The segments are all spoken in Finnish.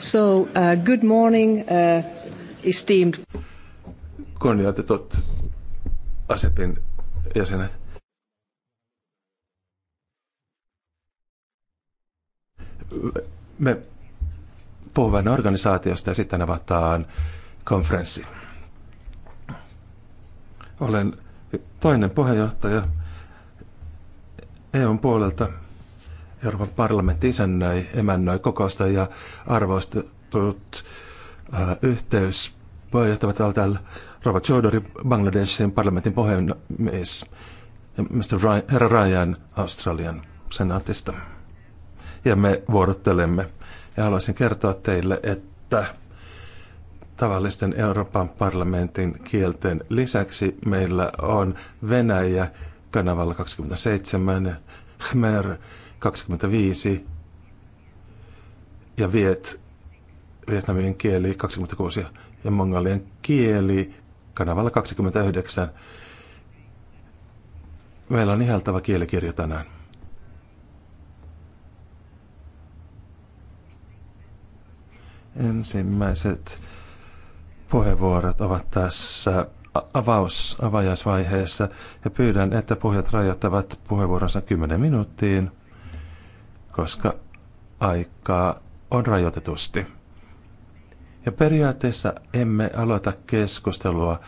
So, uh, good morning, uh, esteemed. Kunnioitetut ASEPin jäsenet. Me puhuvan organisaatiosta ja sitten avataan konferenssi. Olen toinen puheenjohtaja EUn puolelta Euroopan parlamentti isännöi, emännöi kokousta ja arvostetut äh, yhteys puheenjohtavat täällä Robert Chaudhuri, Bangladeshin parlamentin puhemies, ja Mr. Ryan, herra Ryan Australian senaatista. Ja me vuorottelemme. Ja haluaisin kertoa teille, että tavallisten Euroopan parlamentin kielten lisäksi meillä on Venäjä kanavalla 27, Khmer, 25 ja viet, vietnamien kieli 26 ja mongolien kieli kanavalla 29. Meillä on ihaltava kielikirja tänään. Ensimmäiset puheenvuorot ovat tässä avaus, avajaisvaiheessa ja pyydän, että puhujat rajoittavat puheenvuoronsa 10 minuuttiin koska aikaa on rajoitetusti. Ja periaatteessa emme aloita keskustelua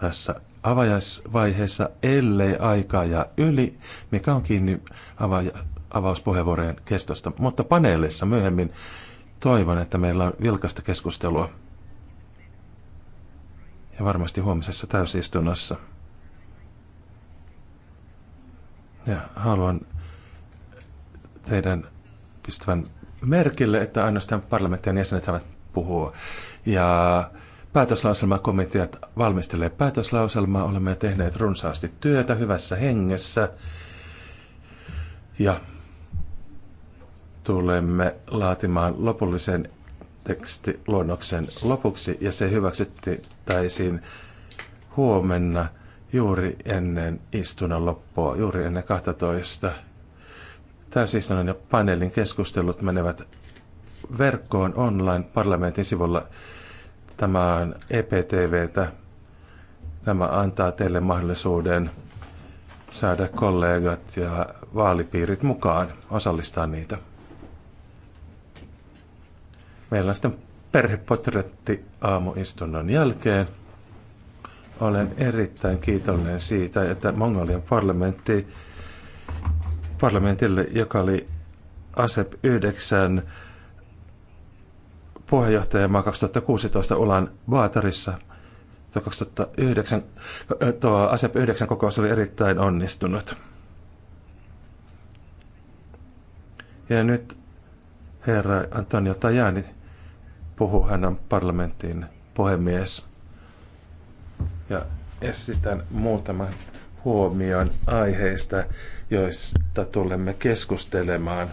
tässä avajaisvaiheessa, ellei aikaa ja yli, mikä on kiinni avaja- avauspuheenvuorojen kestosta. Mutta paneelissa myöhemmin toivon, että meillä on vilkasta keskustelua. Ja varmasti huomisessa täysistunnossa. Ja haluan teidän pistävän merkille, että ainoastaan parlamenttien jäsenet saavat puhua. Ja päätöslauselmakomiteat valmistelee päätöslauselmaa. Olemme tehneet runsaasti työtä hyvässä hengessä. Ja tulemme laatimaan lopullisen tekstiluonnoksen lopuksi ja se hyväksyttäisiin huomenna juuri ennen istunnon loppua, juuri ennen 12. Täysistunnon ja paneelin keskustelut menevät verkkoon online parlamentin sivulla. Tämä on EPTVtä. Tämä antaa teille mahdollisuuden saada kollegat ja vaalipiirit mukaan, osallistaa niitä. Meillä on sitten perhepotretti aamuistunnon jälkeen. Olen erittäin kiitollinen siitä, että Mongolian parlamentti parlamentille, joka oli ASEP 9 puheenjohtajamaa 2016 Ulan Vaatarissa. Tuo, 2009, äh, tuo ASEP 9 kokous oli erittäin onnistunut. Ja nyt herra Antonio Tajani puhuu hänen parlamenttiin puhemies. Ja esitän muutaman huomion aiheista, joista tulemme keskustelemaan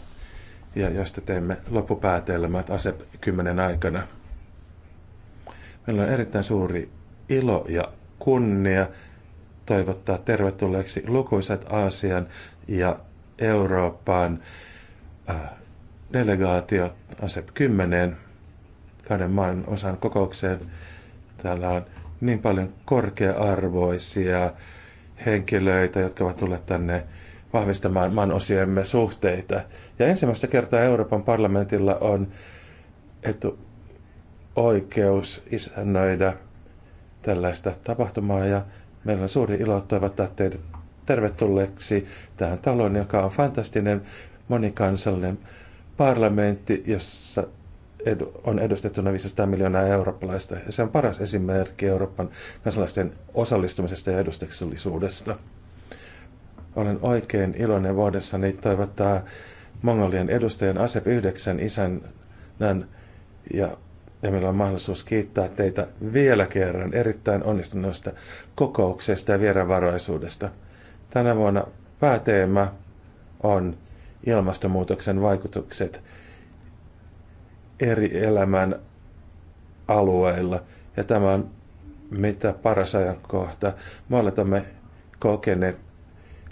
ja joista teemme loppupäätelmät ASEP 10 aikana. Meillä on erittäin suuri ilo ja kunnia toivottaa tervetulleeksi lukuisat Aasian ja Euroopan äh, delegaatiot ASEP 10 kahden maan osan kokoukseen. Täällä on niin paljon korkea-arvoisia henkilöitä, jotka ovat tulleet tänne vahvistamaan maan osiemme suhteita. Ja ensimmäistä kertaa Euroopan parlamentilla on etu oikeus isännöidä tällaista tapahtumaa ja meillä on suuri ilo toivottaa teidät tervetulleeksi tähän taloon, joka on fantastinen monikansallinen parlamentti, jossa edu, on edustettuna 500 miljoonaa eurooppalaista. Ja se on paras esimerkki Euroopan kansalaisten osallistumisesta ja edustuksellisuudesta. Olen oikein iloinen vuodessani toivottaa Mongolian edustajan ASEP 9 isännän ja ja meillä on mahdollisuus kiittää teitä vielä kerran erittäin onnistuneesta kokouksesta ja vieraanvaraisuudesta. Tänä vuonna pääteema on ilmastonmuutoksen vaikutukset eri elämän alueilla. Ja tämä on mitä paras ajankohta. Me oletamme kokeneet,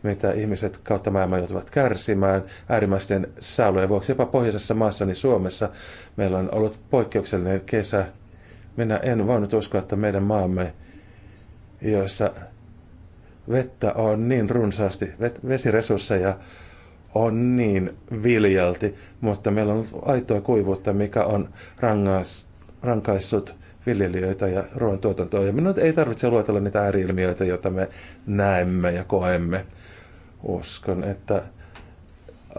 mitä ihmiset kautta maailman joutuvat kärsimään äärimmäisten säälujen vuoksi. Jopa pohjoisessa niin Suomessa meillä on ollut poikkeuksellinen kesä. Minä en voinut uskoa, että meidän maamme, jossa vettä on niin runsaasti, vesiresursseja on niin viljalti, mutta meillä on aitoa kuivuutta, mikä on rangas, rankaissut viljelijöitä ja ruoantuotantoa. Ja minun ei tarvitse luetella niitä ääriilmiöitä, joita me näemme ja koemme. Uskon, että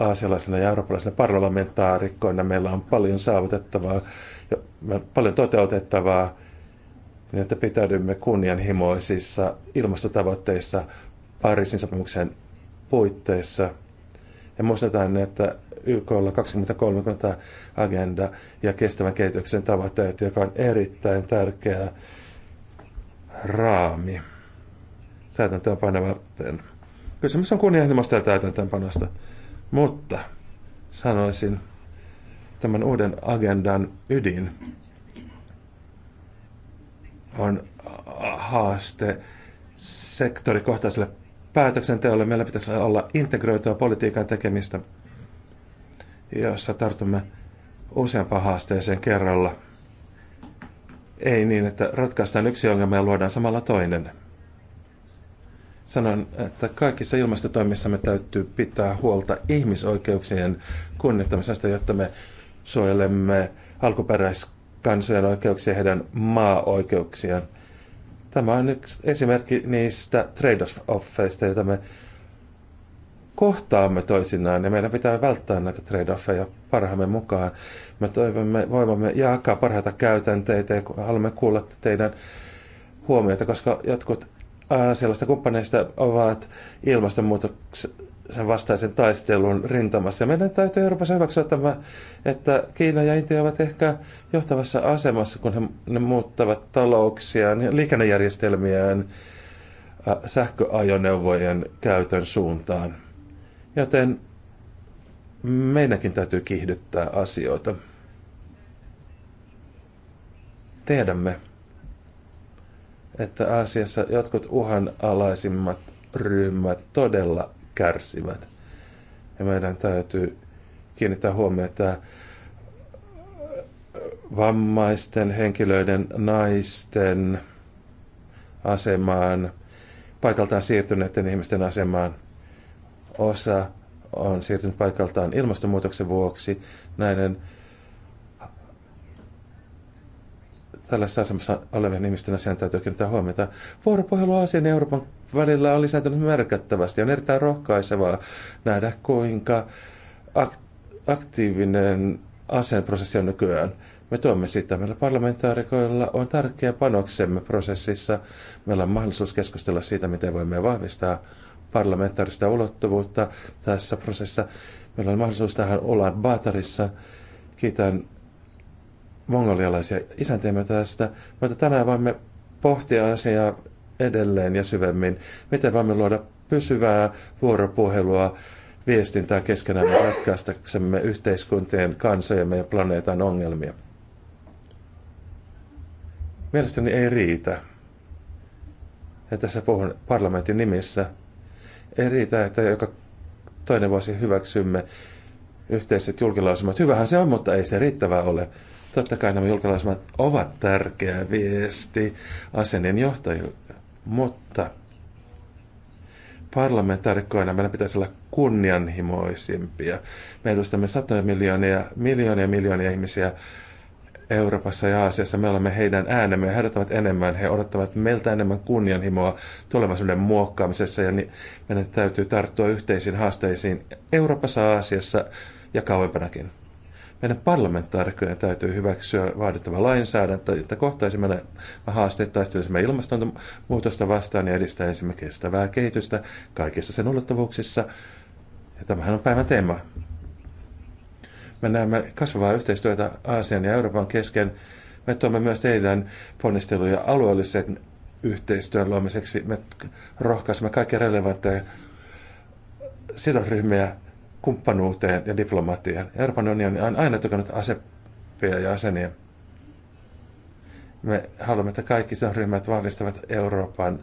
aasialaisena ja eurooppalaisena parlamentaarikkoina meillä on paljon saavutettavaa ja paljon toteutettavaa, niin että pitäydymme kunnianhimoisissa ilmastotavoitteissa Pariisin sopimuksen puitteissa – ja muistetaan, että YKlla 2030 agenda ja kestävän kehityksen tavoitteet, joka on erittäin tärkeä raami täytäntöönpaneva. Kysymys on kunnianhimoista ja täytäntöönpanosta. Mutta sanoisin tämän uuden agendan ydin on haaste sektorikohtaiselle päätöksenteolle meillä pitäisi olla integroitua politiikan tekemistä, jossa tartumme useampaan haasteeseen kerralla. Ei niin, että ratkaistaan yksi ongelma ja luodaan samalla toinen. Sanon, että kaikissa me täytyy pitää huolta ihmisoikeuksien kunnioittamisesta, jotta me suojelemme alkuperäiskansojen oikeuksia ja heidän maa-oikeuksiaan – Tämä on yksi esimerkki niistä trade-offeista, joita me kohtaamme toisinaan ja meidän pitää välttää näitä trade-offeja parhaamme mukaan. Me toivomme voimamme jakaa parhaita käytänteitä ja haluamme kuulla teidän huomiota, koska jotkut sellaista kumppaneista ovat ilmastonmuutoksen sen vastaisen taistelun rintamassa. Ja meidän täytyy Euroopassa hyväksyä tämä, että Kiina ja Intia ovat ehkä johtavassa asemassa, kun he, ne muuttavat talouksiaan, liikennejärjestelmiään, äh, sähköajoneuvojen käytön suuntaan. Joten meidänkin täytyy kiihdyttää asioita. Tiedämme, että Aasiassa jotkut uhanalaisimmat ryhmät todella kärsivät. Ja meidän täytyy kiinnittää huomiota vammaisten henkilöiden, naisten asemaan, paikaltaan siirtyneiden ihmisten asemaan. Osa on siirtynyt paikaltaan ilmastonmuutoksen vuoksi. Näiden tällaisessa asemassa olevien ihmisten asiaan täytyy kiinnittää huomiota. Vuoropuhelu Aasian ja Euroopan välillä on lisääntynyt merkittävästi. On erittäin rohkaisevaa nähdä, kuinka aktiivinen aseenprosessi on nykyään. Me tuomme sitä. Meillä parlamentaarikoilla on tärkeä panoksemme prosessissa. Meillä on mahdollisuus keskustella siitä, miten voimme vahvistaa parlamentaarista ulottuvuutta tässä prosessissa. Meillä on mahdollisuus tähän olla Baatarissa. Kiitän mongolialaisia isäntiemme tästä, mutta tänään voimme pohtia asiaa edelleen ja syvemmin, miten voimme luoda pysyvää vuoropuhelua viestintää keskenään ratkaistaksemme yhteiskuntien, kansojemme ja planeetan ongelmia. Mielestäni ei riitä, ja tässä puhun parlamentin nimissä, ei riitä, että joka toinen vuosi hyväksymme yhteiset julkilausumat. Hyvähän se on, mutta ei se riittävää ole. Totta kai nämä julkilausumat ovat tärkeä viesti asennin johtajille mutta parlamentaarikkoina meidän pitäisi olla kunnianhimoisimpia. Me edustamme satoja miljoonia, miljoonia, miljoonia ihmisiä Euroopassa ja Aasiassa. Me olemme heidän äänemme ja he odottavat enemmän. He odottavat meiltä enemmän kunnianhimoa tulevaisuuden muokkaamisessa ja niin meidän täytyy tarttua yhteisiin haasteisiin Euroopassa, Aasiassa ja kauempanakin meidän parlamentaarikkojen täytyy hyväksyä vaadittava lainsäädäntö, että kohtaisimme nämä haasteet, taistelisimme ilmastonmuutosta vastaan ja edistäisimme kestävää kehitystä kaikissa sen ulottuvuuksissa. Ja tämähän on päivän teema. Me näemme kasvavaa yhteistyötä Aasian ja Euroopan kesken. Me tuomme myös teidän ponnisteluja alueellisen yhteistyön luomiseksi. Me rohkaisemme kaikkia relevantteja sidosryhmiä kumppanuuteen ja diplomatiaan. Euroopan unioni on aina tukenut aseppia ja asenia. Me haluamme, että kaikki sen ryhmät vahvistavat Euroopan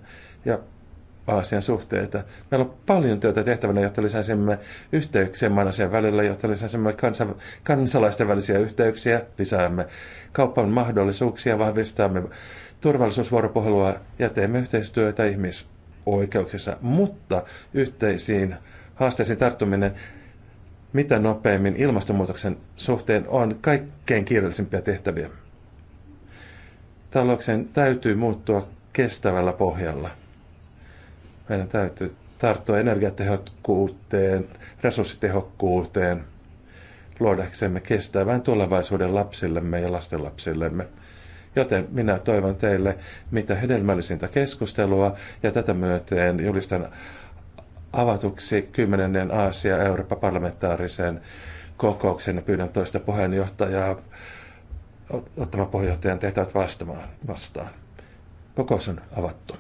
ja Aasian suhteita. Meillä on paljon työtä tehtävänä, jotta lisäisimme yhteyksiä maan välillä, jotta lisäisimme kansa- kansalaisten välisiä yhteyksiä, lisäämme kaupan mahdollisuuksia, vahvistamme turvallisuusvuoropuhelua ja teemme yhteistyötä ihmisoikeuksissa. Mutta yhteisiin haasteisiin tarttuminen mitä nopeammin ilmastonmuutoksen suhteen on kaikkein kiireellisimpiä tehtäviä. Talouksen täytyy muuttua kestävällä pohjalla. Meidän täytyy tarttua energiatehokkuuteen, resurssitehokkuuteen, luodaksemme kestävän tulevaisuuden lapsillemme ja lastenlapsillemme. Joten minä toivon teille mitä hedelmällisintä keskustelua ja tätä myöten julistan avatuksi 10. Aasia Euroopan parlamentaarisen kokouksen ja pyydän toista puheenjohtajaa ottamaan puheenjohtajan tehtävät vastaamaan vastaan. Kokous on avattu.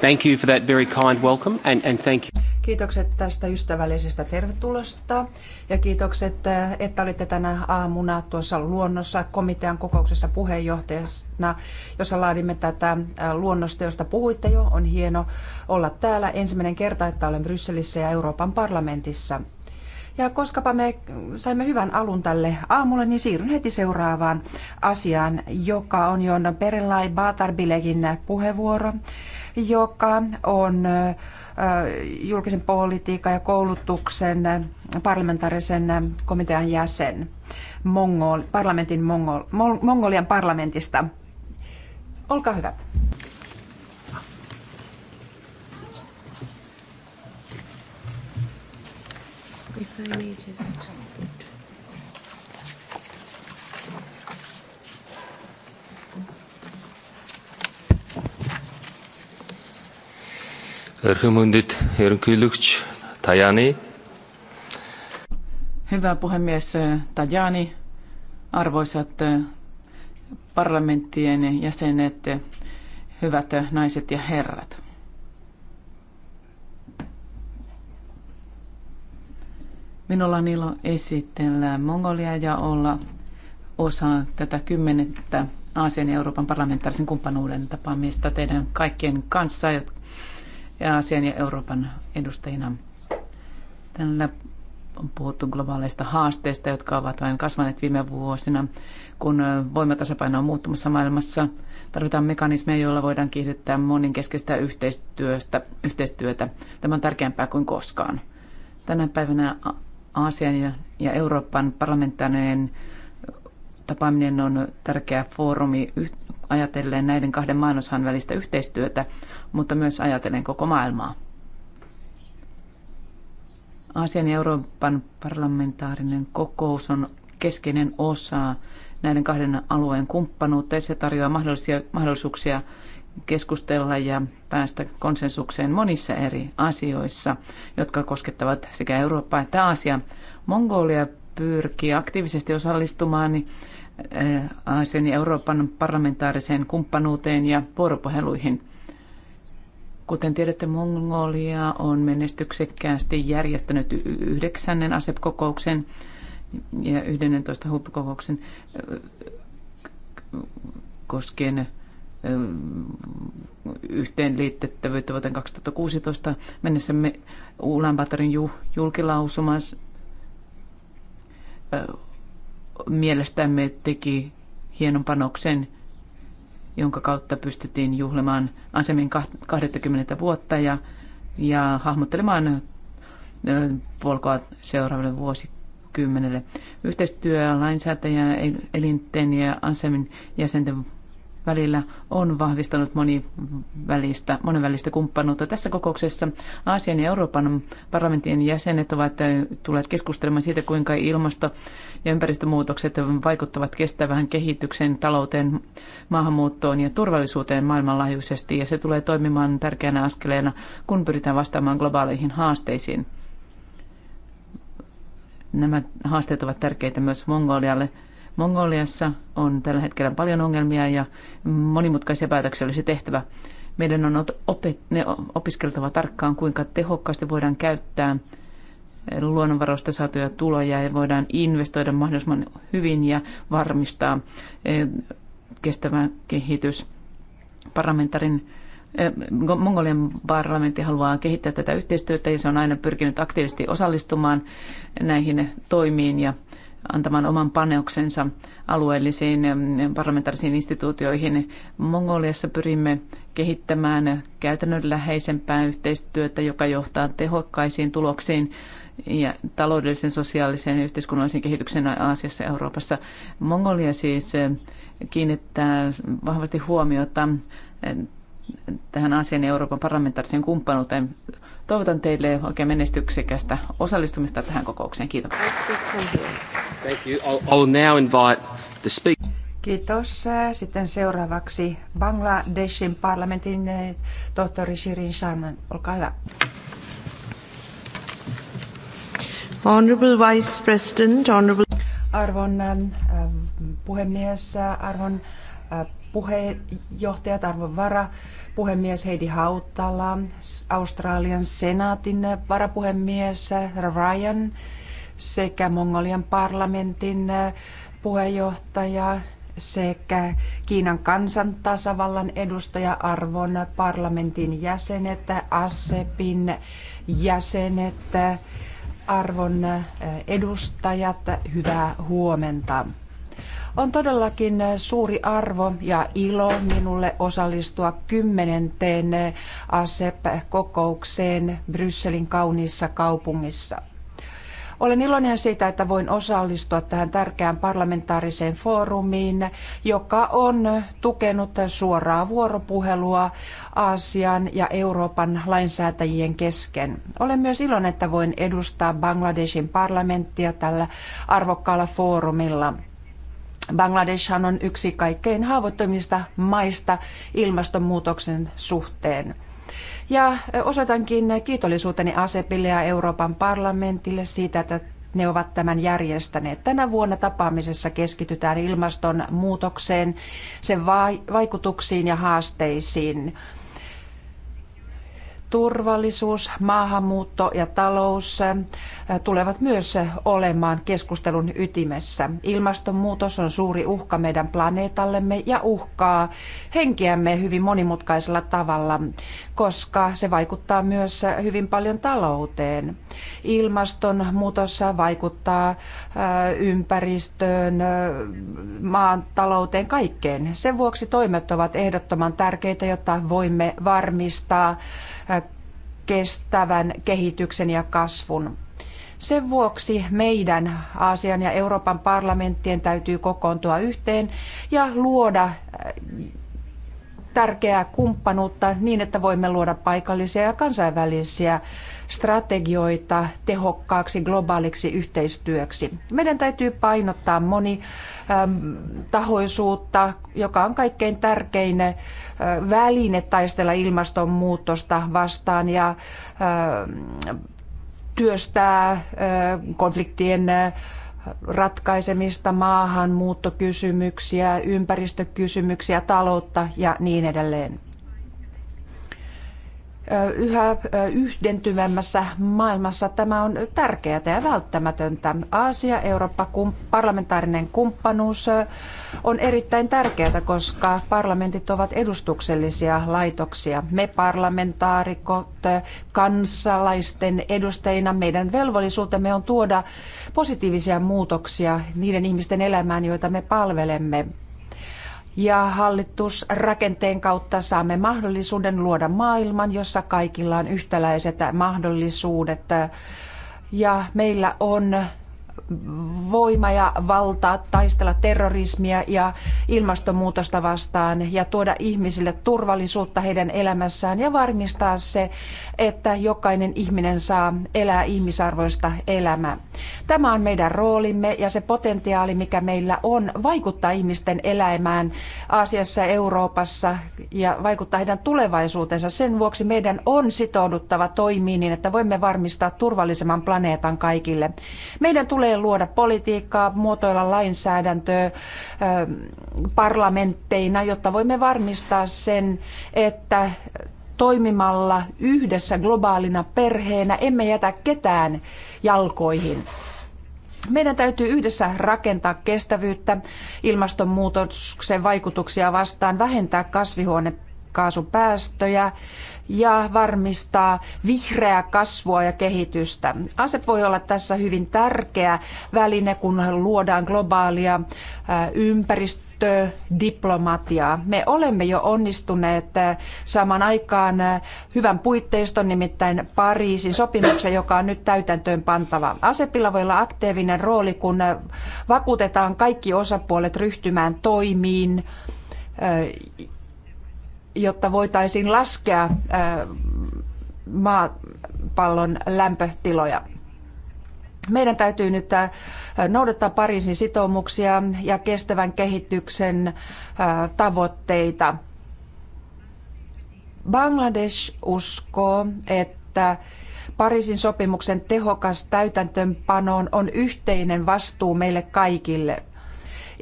Thank you for that very kind welcome and, and thank you. Kiitokset tästä ystävällisestä tervetulosta ja kiitokset, eh, että olitte tänä aamuna tuossa luonnossa komitean kokouksessa puheenjohtajana, jossa laadimme tätä eh, luonnosta, josta puhuitte jo. On hieno olla täällä ensimmäinen kerta, että olen Brysselissä ja Euroopan parlamentissa. Ja koskapa me saimme hyvän alun tälle aamulle, niin siirryn heti seuraavaan asiaan, joka on Jonna Perelai Baatarbilegin puheenvuoro joka on julkisen politiikan ja koulutuksen parlamentaarisen komitean jäsen Mongol, parlamentin Mongol, Mongolian parlamentista. Olkaa hyvä. If I may just... Erhymundit, Tajani. Hyvä puhemies eh, Tajani, arvoisat eh, parlamenttien jäsenet, eh, hyvät naiset ja herrat. Minulla on ilo esitellä Mongolia ja olla osa tätä kymmenettä Aasian ja Euroopan parlamentaarisen kumppanuuden tapaamista teidän kaikkien kanssa, jotka ja Aasian ja Euroopan edustajina. Tällä on puhuttu globaaleista haasteista, jotka ovat vain kasvaneet viime vuosina. Kun voimatasapaino on muuttumassa maailmassa, tarvitaan mekanismeja, joilla voidaan kiihdyttää moninkeskeistä yhteistyöstä, yhteistyötä. Tämä on tärkeämpää kuin koskaan. Tänä päivänä Aasian ja, ja Euroopan parlamentaarinen tapaaminen on tärkeä foorumi ajatellen näiden kahden maanosan välistä yhteistyötä, mutta myös ajatellen koko maailmaa. Aasian ja Euroopan parlamentaarinen kokous on keskeinen osa näiden kahden alueen kumppanuutta ja se tarjoaa mahdollisuuksia keskustella ja päästä konsensukseen monissa eri asioissa, jotka koskettavat sekä Eurooppaa että Aasiaa. Mongolia pyrkii aktiivisesti osallistumaan niin. Aasian äh, ja Euroopan parlamentaariseen kumppanuuteen ja vuoropuheluihin. Kuten tiedätte, Mongolia on menestyksekkäästi järjestänyt yhdeksännen ASEP-kokouksen ja 11 huippukokouksen äh, koskien äh, yhteenliittettävyyttä vuoteen 2016 mennessä me Ulaanbaatarin julkilausumassa mielestämme teki hienon panoksen, jonka kautta pystyttiin juhlimaan asemin 20 vuotta ja, ja hahmottelemaan polkoa seuraavalle vuosikymmenelle. Yhteistyö lainsäätäjä elinten ja asemin jäsenten välillä on vahvistanut monivälistä, monenvälistä kumppanuutta. Tässä kokouksessa Aasian ja Euroopan parlamentin jäsenet ovat tulleet keskustelemaan siitä, kuinka ilmasto- ja ympäristömuutokset vaikuttavat kestävään kehitykseen, talouteen, maahanmuuttoon ja turvallisuuteen maailmanlaajuisesti, ja se tulee toimimaan tärkeänä askeleena, kun pyritään vastaamaan globaaleihin haasteisiin. Nämä haasteet ovat tärkeitä myös Mongolialle Mongoliassa on tällä hetkellä paljon ongelmia ja monimutkaisia päätöksiä olisi tehtävä. Meidän on opet- ne opiskeltava tarkkaan, kuinka tehokkaasti voidaan käyttää luonnonvaroista saatuja tuloja ja voidaan investoida mahdollisimman hyvin ja varmistaa e, kestävä kehitys. Parlamentarin e, Mongolian parlamentti haluaa kehittää tätä yhteistyötä ja se on aina pyrkinyt aktiivisesti osallistumaan näihin toimiin ja antamaan oman paneuksensa alueellisiin parlamentaarisiin instituutioihin. Mongoliassa pyrimme kehittämään käytännönläheisempää yhteistyötä, joka johtaa tehokkaisiin tuloksiin ja taloudellisen, sosiaalisen ja yhteiskunnallisen kehityksen Aasiassa ja Euroopassa. Mongolia siis kiinnittää vahvasti huomiota tähän asian ja Euroopan parlamentaariseen kumppanuuteen. Toivotan teille oikein menestyksekästä osallistumista tähän kokoukseen. Kiitos. Thank you. I'll, I'll now invite the speaker. Kiitos. Sitten seuraavaksi Bangladeshin parlamentin eh, tohtori Shirin Sharman. Olkaa hyvä. Honorable Vice President, honorable... Arvon eh, eh, puhemies, arvon puheenjohtaja Tarvo vara, puhemies Heidi Hautala, Australian senaatin varapuhemies Ryan sekä Mongolian parlamentin puheenjohtaja sekä Kiinan kansantasavallan edustaja arvon parlamentin jäsenet, ASEPin jäsenet, arvon edustajat, hyvää huomenta. On todellakin suuri arvo ja ilo minulle osallistua kymmenenteen ASEP-kokoukseen Brysselin kauniissa kaupungissa. Olen iloinen siitä, että voin osallistua tähän tärkeään parlamentaariseen foorumiin, joka on tukenut suoraa vuoropuhelua Aasian ja Euroopan lainsäätäjien kesken. Olen myös iloinen, että voin edustaa Bangladeshin parlamenttia tällä arvokkaalla foorumilla. Bangladeshan on yksi kaikkein haavoittuvimmista maista ilmastonmuutoksen suhteen. Ja osoitankin kiitollisuuteni ASEPille ja Euroopan parlamentille siitä, että ne ovat tämän järjestäneet. Tänä vuonna tapaamisessa keskitytään ilmastonmuutokseen, sen vaikutuksiin ja haasteisiin turvallisuus, maahanmuutto ja talous tulevat myös olemaan keskustelun ytimessä. Ilmastonmuutos on suuri uhka meidän planeetallemme ja uhkaa henkeämme hyvin monimutkaisella tavalla, koska se vaikuttaa myös hyvin paljon talouteen. Ilmastonmuutos vaikuttaa ympäristöön, maan talouteen, kaikkeen. Sen vuoksi toimet ovat ehdottoman tärkeitä, jotta voimme varmistaa kestävän kehityksen ja kasvun. Sen vuoksi meidän Aasian ja Euroopan parlamenttien täytyy kokoontua yhteen ja luoda tärkeää kumppanuutta niin, että voimme luoda paikallisia ja kansainvälisiä strategioita tehokkaaksi globaaliksi yhteistyöksi. Meidän täytyy painottaa monitahoisuutta, joka on kaikkein tärkein väline taistella ilmastonmuutosta vastaan ja työstää konfliktien ratkaisemista, maahanmuuttokysymyksiä, ympäristökysymyksiä, taloutta ja niin edelleen yhä yhdentyvämmässä maailmassa tämä on tärkeää ja välttämätöntä. Aasia, Eurooppa, parlamentaarinen kumppanuus on erittäin tärkeää, koska parlamentit ovat edustuksellisia laitoksia. Me parlamentaarikot kansalaisten edustajina, meidän velvollisuutemme on tuoda positiivisia muutoksia niiden ihmisten elämään, joita me palvelemme ja hallitusrakenteen kautta saamme mahdollisuuden luoda maailman, jossa kaikilla on yhtäläiset mahdollisuudet ja meillä on voima ja valta taistella terrorismia ja ilmastonmuutosta vastaan ja tuoda ihmisille turvallisuutta heidän elämässään ja varmistaa se, että jokainen ihminen saa elää ihmisarvoista elämää. Tämä on meidän roolimme ja se potentiaali, mikä meillä on vaikuttaa ihmisten elämään Aasiassa ja Euroopassa ja vaikuttaa heidän tulevaisuutensa. Sen vuoksi meidän on sitouduttava toimiin niin, että voimme varmistaa turvallisemman planeetan kaikille. Meidän tulee luoda politiikkaa, muotoilla lainsäädäntöä parlamentteina, jotta voimme varmistaa sen, että toimimalla yhdessä globaalina perheenä emme jätä ketään jalkoihin. Meidän täytyy yhdessä rakentaa kestävyyttä ilmastonmuutoksen vaikutuksia vastaan, vähentää kasvihuonekaasupäästöjä, ja varmistaa vihreää kasvua ja kehitystä. ASEP voi olla tässä hyvin tärkeä väline, kun luodaan globaalia äh, ympäristödiplomatiaa. Me olemme jo onnistuneet äh, saamaan aikaan äh, hyvän puitteiston, nimittäin Pariisin sopimuksen, joka on nyt täytäntöön pantava. ASEPilla voi olla aktiivinen rooli, kun vakuutetaan kaikki osapuolet ryhtymään toimiin jotta voitaisiin laskea äh, maapallon lämpötiloja. Meidän täytyy nyt äh, noudattaa Pariisin sitoumuksia ja kestävän kehityksen äh, tavoitteita. Bangladesh uskoo, että Pariisin sopimuksen tehokas täytäntöönpanoon on yhteinen vastuu meille kaikille –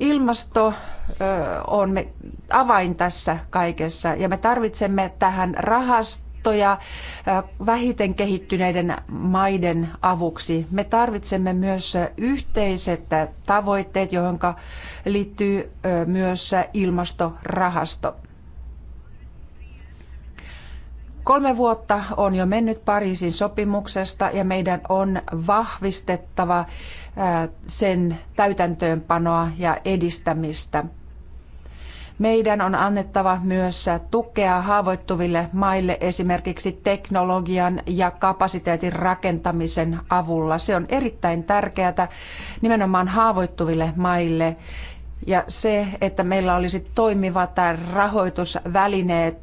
Ilmasto on me, avain tässä kaikessa ja me tarvitsemme tähän rahastoja vähiten kehittyneiden maiden avuksi. Me tarvitsemme myös yhteiset tavoitteet, johon liittyy myös ilmastorahasto. Kolme vuotta on jo mennyt Pariisin sopimuksesta ja meidän on vahvistettava sen täytäntöönpanoa ja edistämistä. Meidän on annettava myös tukea haavoittuville maille esimerkiksi teknologian ja kapasiteetin rakentamisen avulla. Se on erittäin tärkeää nimenomaan haavoittuville maille ja se, että meillä olisi toimivat rahoitusvälineet,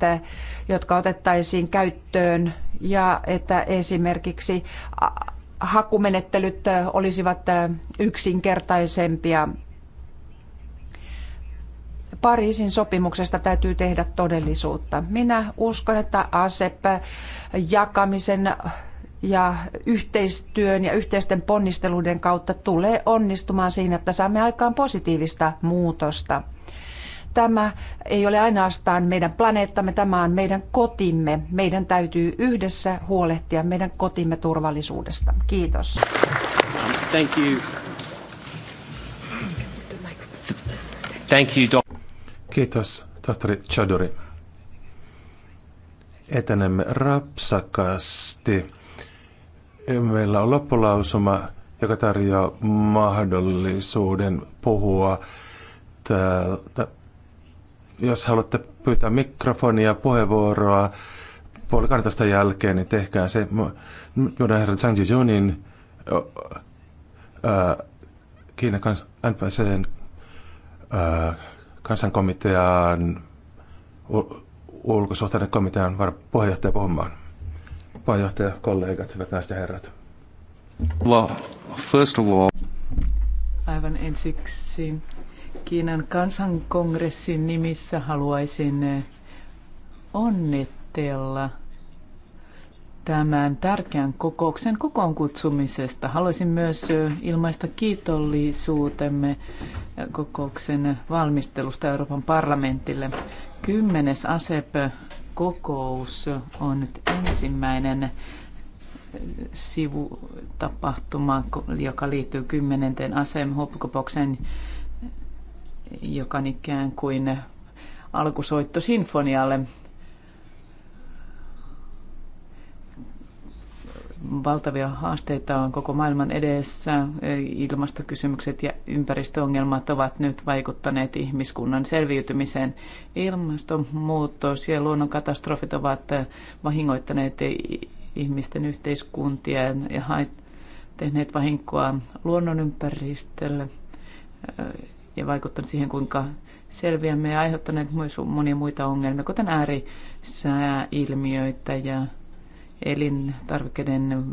jotka otettaisiin käyttöön ja että esimerkiksi hakumenettelyt olisivat yksinkertaisempia. Pariisin sopimuksesta täytyy tehdä todellisuutta. Minä uskon, että ASEP jakamisen ja yhteistyön ja yhteisten ponnisteluiden kautta tulee onnistumaan siinä, että saamme aikaan positiivista muutosta. Tämä ei ole ainoastaan meidän planeettamme, tämä on meidän kotimme. Meidän täytyy yhdessä huolehtia meidän kotimme turvallisuudesta. Kiitos. Thank you. Thank you, Kiitos, tohtori Chadori. Etenemme rapsakasti Meillä on loppulausuma, joka tarjoaa mahdollisuuden puhua. Täältä. Jos haluatte pyytää mikrofonia, puheenvuoroa puoli 12 jälkeen, niin tehkää se. Juodan herra Zhang Jujunin Kiinan kans, NPCn kansankomitean, ulkosuhteiden komitean puheenjohtaja puhumaan puheenjohtaja, kollegat, hyvät naiset ja herrat. Well, first of all. Aivan ensiksi Kiinan kansankongressin nimissä haluaisin eh, onnitella tämän tärkeän kokouksen kokoon kutsumisesta. Haluaisin myös eh, ilmaista kiitollisuutemme eh, kokouksen valmistelusta Euroopan parlamentille. Kymmenes ASEP kokous on nyt ensimmäinen äh, sivutapahtuma, joka liittyy kymmenenteen asem hopkopoksen, äh, joka on ikään kuin alkusoitto sinfonialle valtavia haasteita on koko maailman edessä. Ilmastokysymykset ja ympäristöongelmat ovat nyt vaikuttaneet ihmiskunnan selviytymiseen. Ilmastonmuutos ja luonnonkatastrofit ovat vahingoittaneet ihmisten yhteiskuntia ja tehneet vahinkoa luonnonympäristölle äh, ja vaikuttanut siihen, kuinka selviämme ja aiheuttaneet myös monia muita ongelmia, kuten äärisääilmiöitä ja elintarvikkeiden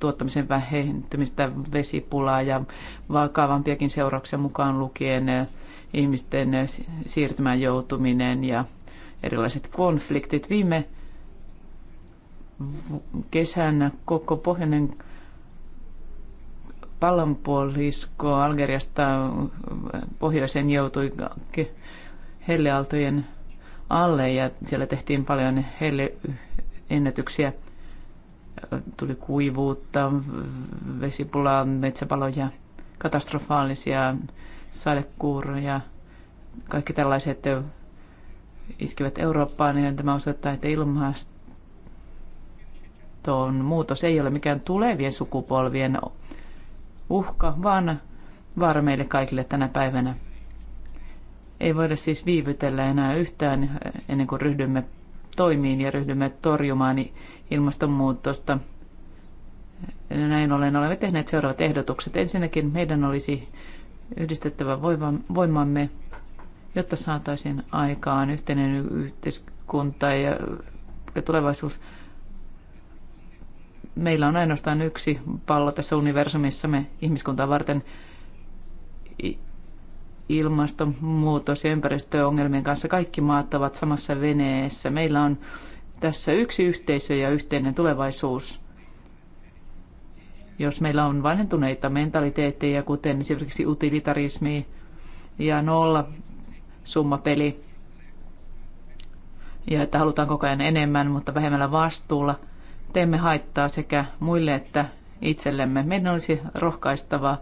tuottamisen vähentymistä, vesipulaa ja vakavampiakin seurauksia mukaan lukien eh, ihmisten siirtymään joutuminen ja erilaiset konfliktit. Viime kesänä koko pohjoinen pallonpuolisko Algeriasta pohjoiseen joutui Hellealtojen alle ja siellä tehtiin paljon helle ennätyksiä. Tuli kuivuutta, vesipulaa, metsäpaloja, katastrofaalisia sadekuuroja. Kaikki tällaiset iskivät Eurooppaan ja niin tämä osoittaa, että ilmaston muutos ei ole mikään tulevien sukupolvien uhka, vaan vaara meille kaikille tänä päivänä. Ei voida siis viivytellä enää yhtään ennen kuin ryhdymme toimiin ja ryhdymme torjumaan ilmastonmuutosta. Näin ollen olemme tehneet seuraavat ehdotukset. Ensinnäkin meidän olisi yhdistettävä voimamme, jotta saataisiin aikaan yhteinen yhteiskunta ja tulevaisuus. Meillä on ainoastaan yksi pallo tässä universumissa me ihmiskuntaa varten ilmastonmuutos ja ympäristöongelmien kanssa kaikki maat ovat samassa veneessä. Meillä on tässä yksi yhteisö ja yhteinen tulevaisuus. Jos meillä on vanhentuneita mentaliteetteja, kuten esimerkiksi utilitarismi ja nolla summapeli, ja että halutaan koko ajan enemmän, mutta vähemmällä vastuulla, teemme haittaa sekä muille että itsellemme. Meidän olisi rohkaistava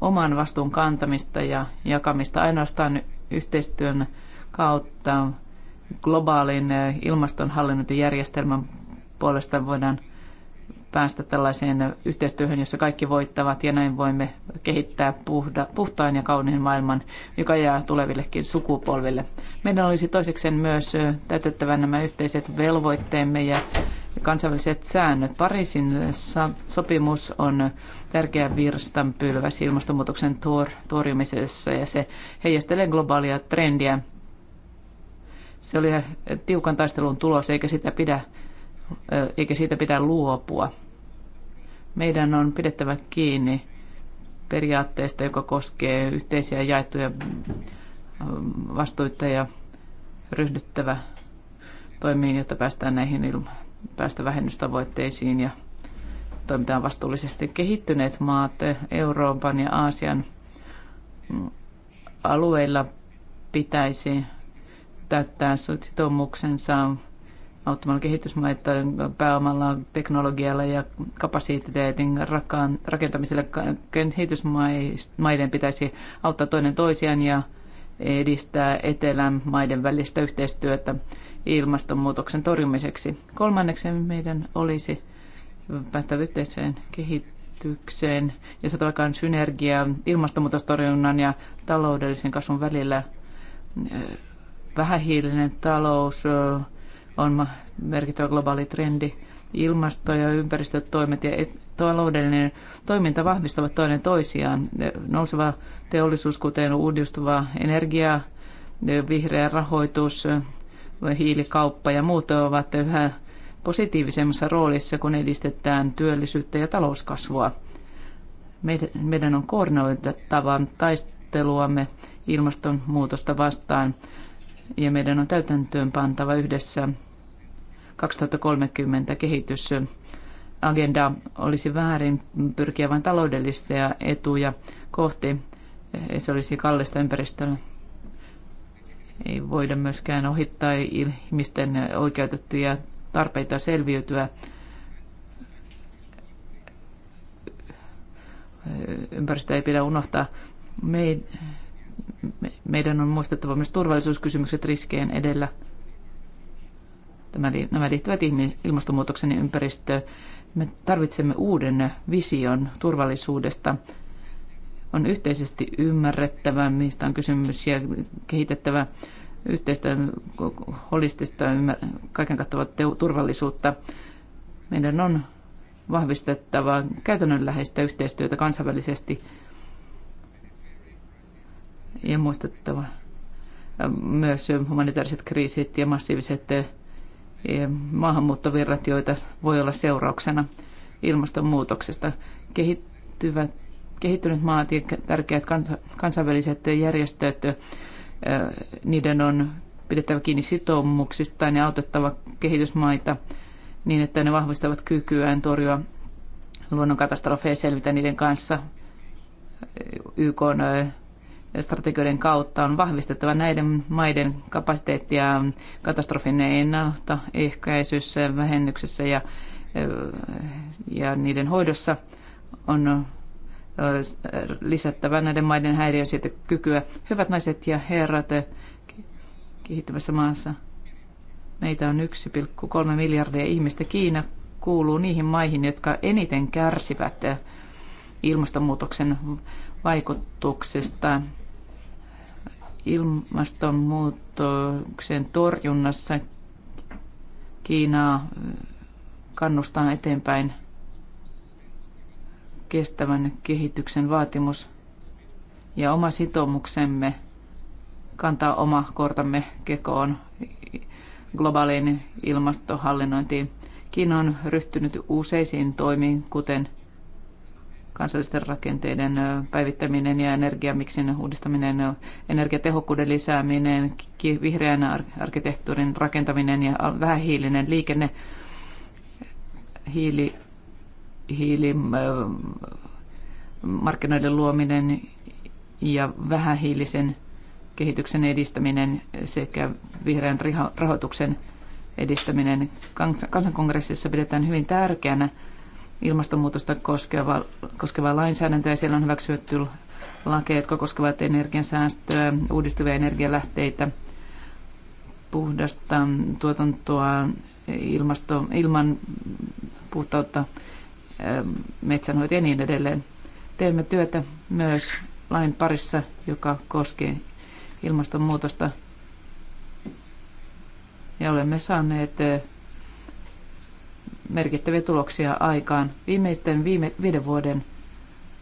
oman vastuun kantamista ja jakamista ainoastaan yhteistyön kautta globaalin eh, ilmastonhallinnointijärjestelmän puolesta voidaan päästä tällaiseen eh, yhteistyöhön, jossa kaikki voittavat ja näin voimme kehittää puhda, puhtaan ja kauniin maailman, joka jää tulevillekin sukupolville. Meidän olisi toiseksi myös eh, täytettävä nämä yhteiset velvoitteemme ja kansainväliset säännöt. Pariisin sopimus on tärkeä virstanpylväs ilmastonmuutoksen tor- torjumisessa ja se heijastelee globaalia trendiä. Se oli tiukan taistelun tulos, eikä, sitä pidä, eikä siitä pidä luopua. Meidän on pidettävä kiinni periaatteesta, joka koskee yhteisiä jaettuja vastuita ja ryhdyttävä toimiin, jotta päästään näihin ilma- päästä vähennystavoitteisiin ja toimitaan vastuullisesti kehittyneet maat Euroopan ja Aasian alueilla pitäisi täyttää sitoumuksensa auttamalla kehitysmaita pääomalla, teknologialla ja kapasiteetin rakentamisella. Kehitysmaiden pitäisi auttaa toinen toisiaan ja edistää etelän maiden välistä yhteistyötä ilmastonmuutoksen torjumiseksi. Kolmanneksi meidän olisi päästä yhteiseen kehitykseen ja saada aikaan synergiaa ilmastonmuutostorjunnan ja taloudellisen kasvun välillä. Vähähiilinen talous on merkittävä globaali trendi. Ilmasto- ja ympäristötoimet ja et- taloudellinen toiminta vahvistavat toinen toisiaan. Nouseva teollisuus, kuten uudistuva energia, vihreä rahoitus, hiilikauppa ja muut ovat yhä positiivisemmassa roolissa, kun edistetään työllisyyttä ja talouskasvua. Meidän on koordinoitettava taisteluamme ilmastonmuutosta vastaan ja meidän on täytäntöön pantava yhdessä 2030 kehitys agenda olisi väärin pyrkiä vain taloudellisia etuja kohti. Se olisi kallista ympäristölle. Ei voida myöskään ohittaa ihmisten oikeutettuja tarpeita selviytyä ympäristöä ei pidä unohtaa. meidän on muistettava myös turvallisuuskysymykset riskeen edellä. nämä liittyvät ilmastonmuutoksen ja ympäristö me tarvitsemme uuden vision turvallisuudesta. On yhteisesti ymmärrettävä, mistä on kysymys, ja kehitettävä yhteistä holistista kaiken kattavaa turvallisuutta. Meidän on vahvistettava käytännönläheistä yhteistyötä kansainvälisesti ja muistettava myös humanitaariset kriisit ja massiiviset maahanmuuttovirrat, joita voi olla seurauksena ilmastonmuutoksesta. Kehittyvät, kehittyneet maat ja tärkeät kansainväliset järjestöt, niiden on pidettävä kiinni sitoumuksistaan ja autettava kehitysmaita niin, että ne vahvistavat kykyään torjua luonnonkatastrofeja ja selvitä niiden kanssa. YK on strategioiden kautta on vahvistettava näiden maiden kapasiteettia katastrofin ennaltaehkäisyssä, vähennyksessä ja, ja niiden hoidossa on lisättävä näiden maiden kykyä Hyvät naiset ja herrat, kehittyvässä maassa meitä on 1,3 miljardia ihmistä. Kiina kuuluu niihin maihin, jotka eniten kärsivät ilmastonmuutoksen vaikutuksesta ilmastonmuutoksen torjunnassa Kiinaa kannustaa eteenpäin kestävän kehityksen vaatimus ja oma sitoumuksemme kantaa oma kortamme kekoon globaaliin ilmastohallinnointiin. Kiina on ryhtynyt useisiin toimiin, kuten kansallisten rakenteiden päivittäminen ja energiamiksin uudistaminen, energiatehokkuuden lisääminen, vihreän arkkitehtuurin rakentaminen ja vähähiilinen liikenne, hiili, hiili markkinoiden luominen ja vähähiilisen kehityksen edistäminen sekä vihreän rahoituksen edistäminen. Kansankongressissa pidetään hyvin tärkeänä ilmastonmuutosta koskeva, koskevaa lainsäädäntöä. Siellä on hyväksytty lakeja, jotka koskevat energiansäästöä, uudistuvia energialähteitä, puhdasta tuotantoa, ilmasto, ilman puhtautta, ähm, metsänhoitoa ja niin edelleen. Teemme työtä myös lain parissa, joka koskee ilmastonmuutosta. Ja olemme saaneet äh, merkittäviä tuloksia aikaan. Viimeisten viime, viiden vuoden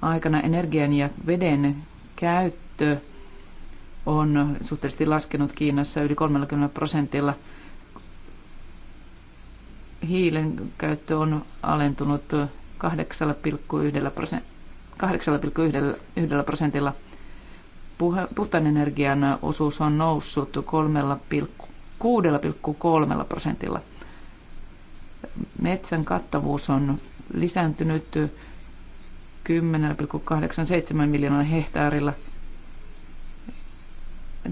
aikana energian ja veden käyttö on suhteellisesti laskenut Kiinassa yli 30 prosentilla. Hiilen käyttö on alentunut 8,1 prosentilla. Puhtaan energian osuus on noussut 3,6 prosentilla – metsän kattavuus on lisääntynyt 10,87 miljoonalla hehtaarilla.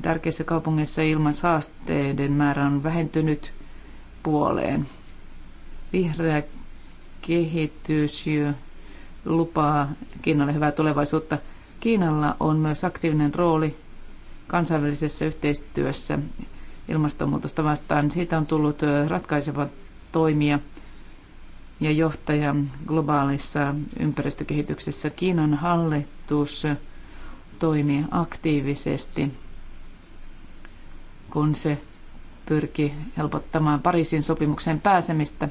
Tärkeissä kaupungeissa ilman saasteiden määrä on vähentynyt puoleen. Vihreä kehitys lupaa Kiinalle hyvää tulevaisuutta. Kiinalla on myös aktiivinen rooli kansainvälisessä yhteistyössä ilmastonmuutosta vastaan. Siitä on tullut ratkaiseva toimija – ja johtaja globaalissa ympäristökehityksessä. Kiinan hallitus toimii aktiivisesti, kun se pyrki helpottamaan Pariisin sopimukseen pääsemistä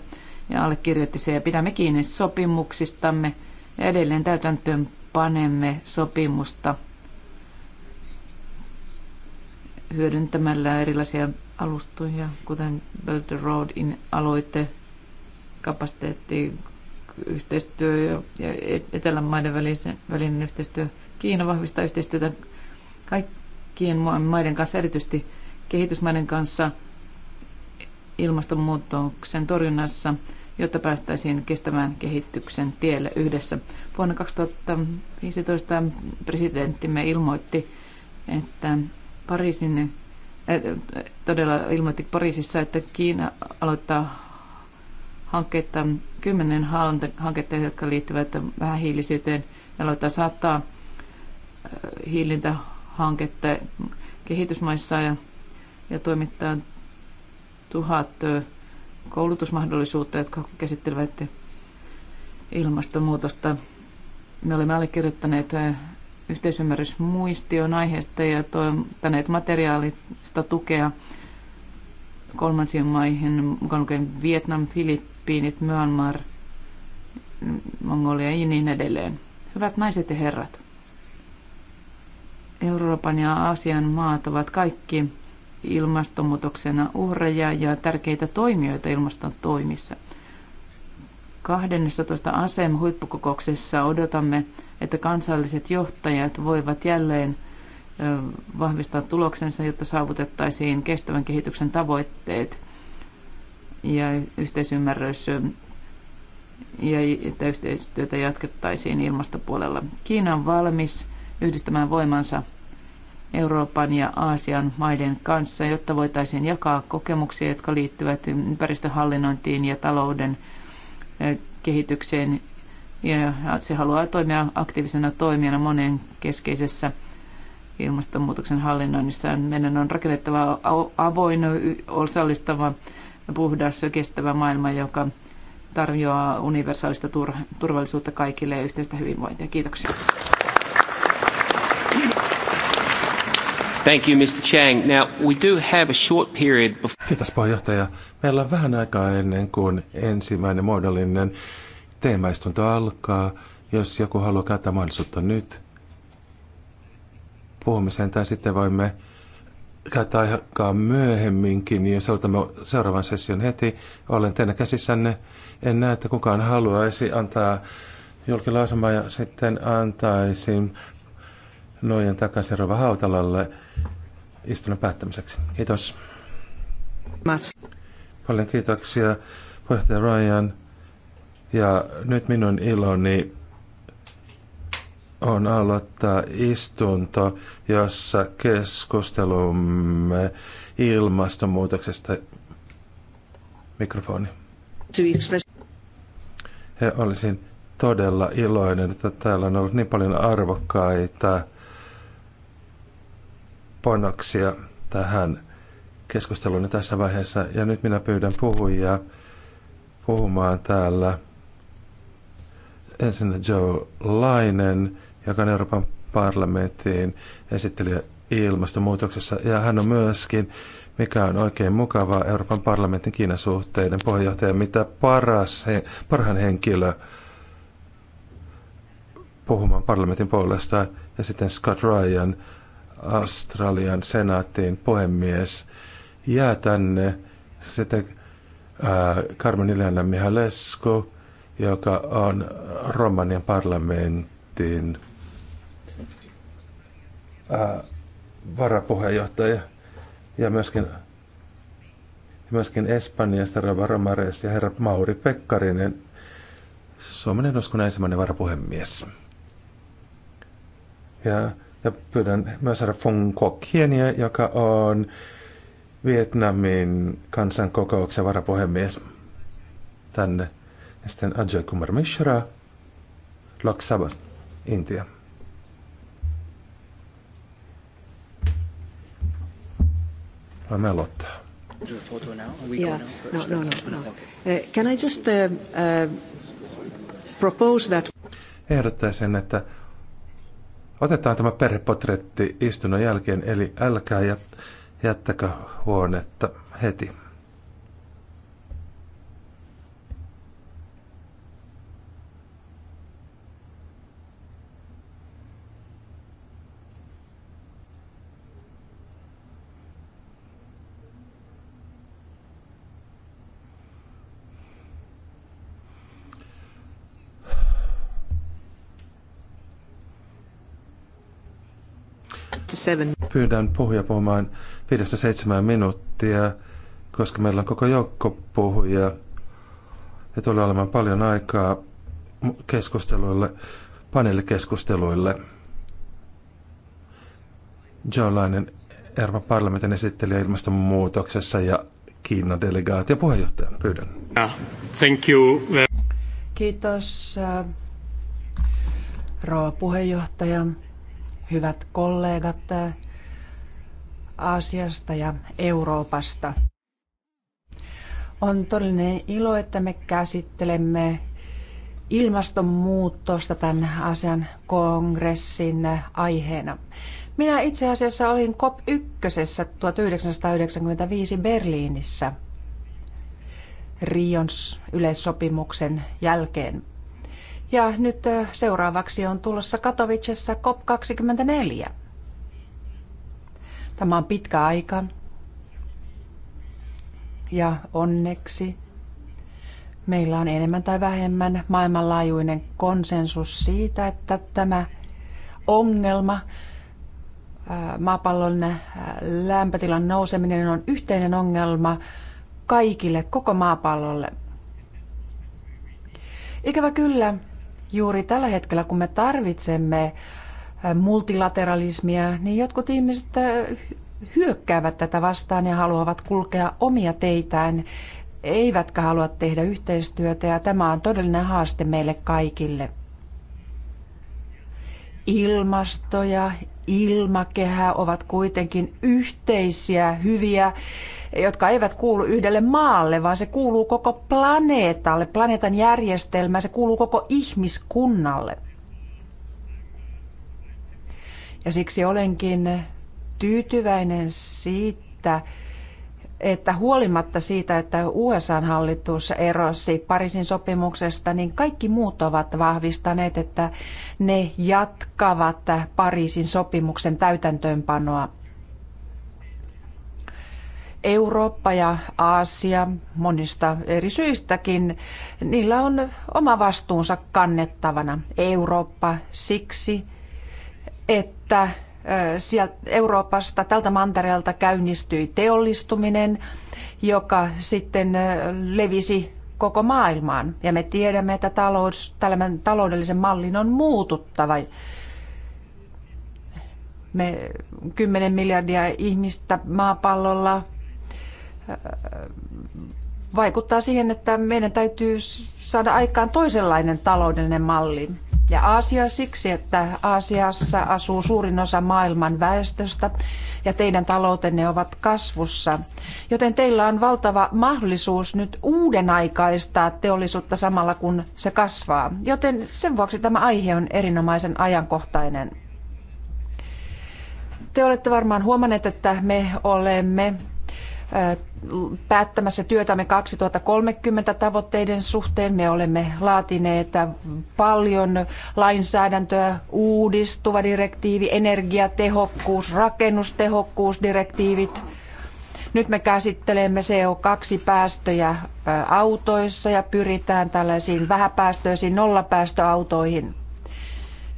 ja allekirjoitti se ja pidämme kiinni sopimuksistamme ja edelleen täytäntöön panemme sopimusta hyödyntämällä erilaisia alustoja, kuten Belt Roadin aloite kapasiteetti, yhteistyö ja etelän maiden välisen, välinen yhteistyö. Kiina vahvistaa yhteistyötä kaikkien maiden kanssa, erityisesti kehitysmaiden kanssa ilmastonmuutoksen torjunnassa, jotta päästäisiin kestävään kehityksen tielle yhdessä. Vuonna 2015 presidenttimme ilmoitti, että Pariisin, äh, todella ilmoitti Pariisissa, että Kiina aloittaa hanketta, kymmenen hanketta, jotka liittyvät vähähiilisyyteen, ja aloittaa saattaa hiilintähanketta kehitysmaissa ja, ja toimittaa tuhat koulutusmahdollisuutta, jotka käsittelevät ilmastonmuutosta. Me olemme allekirjoittaneet yhteisymmärrysmuistion aiheesta ja toimittaneet materiaalista tukea kolmansien maihin, mukaan lukien Vietnam, Filippi, Filippiinit, Myanmar, Mongolia ja niin edelleen. Hyvät naiset ja herrat, Euroopan ja Aasian maat ovat kaikki ilmastonmuutoksena uhreja ja tärkeitä toimijoita ilmaston toimissa. 12. ASEM-huippukokouksessa odotamme, että kansalliset johtajat voivat jälleen vahvistaa tuloksensa, jotta saavutettaisiin kestävän kehityksen tavoitteet – ja yhteisymmärrys ja että yhteistyötä jatkettaisiin ilmastopuolella. Kiina on valmis yhdistämään voimansa Euroopan ja Aasian maiden kanssa, jotta voitaisiin jakaa kokemuksia, jotka liittyvät ympäristöhallinnointiin ja talouden kehitykseen. Ja se haluaa toimia aktiivisena toimijana monen keskeisessä ilmastonmuutoksen hallinnoinnissa. Meidän on rakennettava avoin, osallistava puhdas, ja kestävä maailma, joka tarjoaa universaalista turvallisuutta kaikille ja yhteistä hyvinvointia. Kiitoksia. Thank you, Mr. Chang. Now, we do have a short period before... Kiitos puheenjohtaja. Meillä on vähän aikaa ennen kuin ensimmäinen muodollinen teemaistunto alkaa. Jos joku haluaa käyttää mahdollisuutta nyt puhumiseen, tai sitten voimme käyttää aikaa myöhemminkin, niin saatamme seuraavan session heti. Olen teidän käsissänne. En näe, että kukaan haluaisi antaa julkilausumaa ja sitten antaisin nojen takaisin Rova Hautalalle istunnon päättämiseksi. Kiitos. Mats. Paljon kiitoksia puheenjohtaja Ryan. Ja nyt minun iloni on aloittaa istunto, jossa keskustelumme ilmastonmuutoksesta. Mikrofoni. Ja olisin todella iloinen, että täällä on ollut niin paljon arvokkaita panoksia tähän keskusteluun tässä vaiheessa. Ja nyt minä pyydän puhujia puhumaan täällä ensinnä Joe Lainen, joka on Euroopan parlamentin esittelijä ilmastonmuutoksessa. Ja hän on myöskin, mikä on oikein mukavaa, Euroopan parlamentin Kiinan suhteiden puheenjohtaja, mitä paras, he, parhaan henkilö puhumaan parlamentin puolesta. Ja sitten Scott Ryan, Australian senaatin puhemies, jää tänne. Sitten äh, Carmen Ileana Mihalescu, joka on Romanian parlamentin Äh, varapuheenjohtaja ja myöskin, myöskin Espanjasta Rava Romares ja herra Mauri Pekkarinen, Suomen eduskunnan ensimmäinen varapuhemies. Ja, ja pyydän myös herra Fung Kok Hienia, joka on Vietnamin kansankokouksen varapuhemies tänne. Ja sitten Ajay Kumar Mishra, Lok Sabha, Intia. Do a photo Voimme we Yeah. No, no, no, no, no. Uh, can I just uh, uh, propose that... Ehdottaisin, että otetaan tämä perhepotretti istunnon jälkeen, eli älkää jättäkö huonetta heti. Pyydän puhuja puhumaan 5-7 minuuttia, koska meillä on koko joukko puhuja Ja tulee olemaan paljon aikaa keskusteluille, paneelikeskusteluille. John Lainen, Euroopan parlamentin esittelijä ilmastonmuutoksessa ja Kiinan delegaatio puheenjohtaja. Pyydän. Thank you. Kiitos rouva puheenjohtaja hyvät kollegat äh, Aasiasta ja Euroopasta. On todellinen ilo, että me käsittelemme ilmastonmuutosta tämän asian kongressin äh, aiheena. Minä itse asiassa olin COP1 1995 Berliinissä Rion yleissopimuksen jälkeen. Ja nyt äh, seuraavaksi on tulossa Katowicessa COP24. Tämä on pitkä aika. Ja onneksi meillä on enemmän tai vähemmän maailmanlaajuinen konsensus siitä, että tämä ongelma, äh, maapallon äh, lämpötilan nouseminen on yhteinen ongelma kaikille, koko maapallolle. Ikävä kyllä, juuri tällä hetkellä, kun me tarvitsemme multilateralismia, niin jotkut ihmiset hyökkäävät tätä vastaan ja haluavat kulkea omia teitään, eivätkä halua tehdä yhteistyötä ja tämä on todellinen haaste meille kaikille. Ilmasto ja ilmakehä ovat kuitenkin yhteisiä hyviä, jotka eivät kuulu yhdelle maalle, vaan se kuuluu koko planeetalle, planeetan järjestelmään, se kuuluu koko ihmiskunnalle. Ja siksi olenkin tyytyväinen siitä, että huolimatta siitä, että USA-hallitus erosi Pariisin sopimuksesta, niin kaikki muut ovat vahvistaneet, että ne jatkavat Pariisin sopimuksen täytäntöönpanoa. Eurooppa ja Aasia monista eri syistäkin, niillä on oma vastuunsa kannettavana. Eurooppa siksi, että Euroopasta tältä mantereelta käynnistyi teollistuminen, joka sitten levisi koko maailmaan. Ja me tiedämme, että talous, tämän taloudellisen mallin on muututtava. Me 10 miljardia ihmistä maapallolla vaikuttaa siihen, että meidän täytyy saada aikaan toisenlainen taloudellinen malli ja Aasia siksi, että Aasiassa asuu suurin osa maailman väestöstä ja teidän taloutenne ovat kasvussa. Joten teillä on valtava mahdollisuus nyt uuden aikaistaa teollisuutta samalla kun se kasvaa. Joten sen vuoksi tämä aihe on erinomaisen ajankohtainen. Te olette varmaan huomanneet, että me olemme päättämässä työtämme 2030 tavoitteiden suhteen. Me olemme laatineet paljon lainsäädäntöä, uudistuva direktiivi, energiatehokkuus, rakennustehokkuusdirektiivit. Nyt me käsittelemme CO2-päästöjä autoissa ja pyritään tällaisiin vähäpäästöisiin nollapäästöautoihin.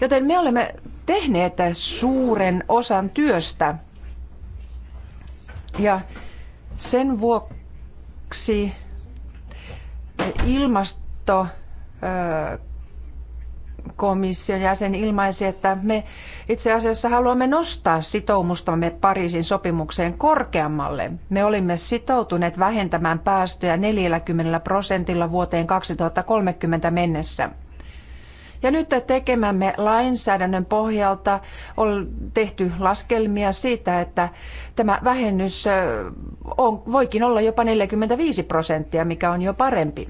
Joten me olemme tehneet suuren osan työstä. Ja sen vuoksi eh, ilmasto eh, komission jäsen ilmaisi, että me itse asiassa haluamme nostaa sitoumustamme Pariisin sopimukseen korkeammalle. Me olimme sitoutuneet vähentämään päästöjä 40 prosentilla vuoteen 2030 mennessä. Ja nyt tekemämme lainsäädännön pohjalta on tehty laskelmia siitä, että tämä vähennys on, voikin olla jopa 45 prosenttia, mikä on jo parempi.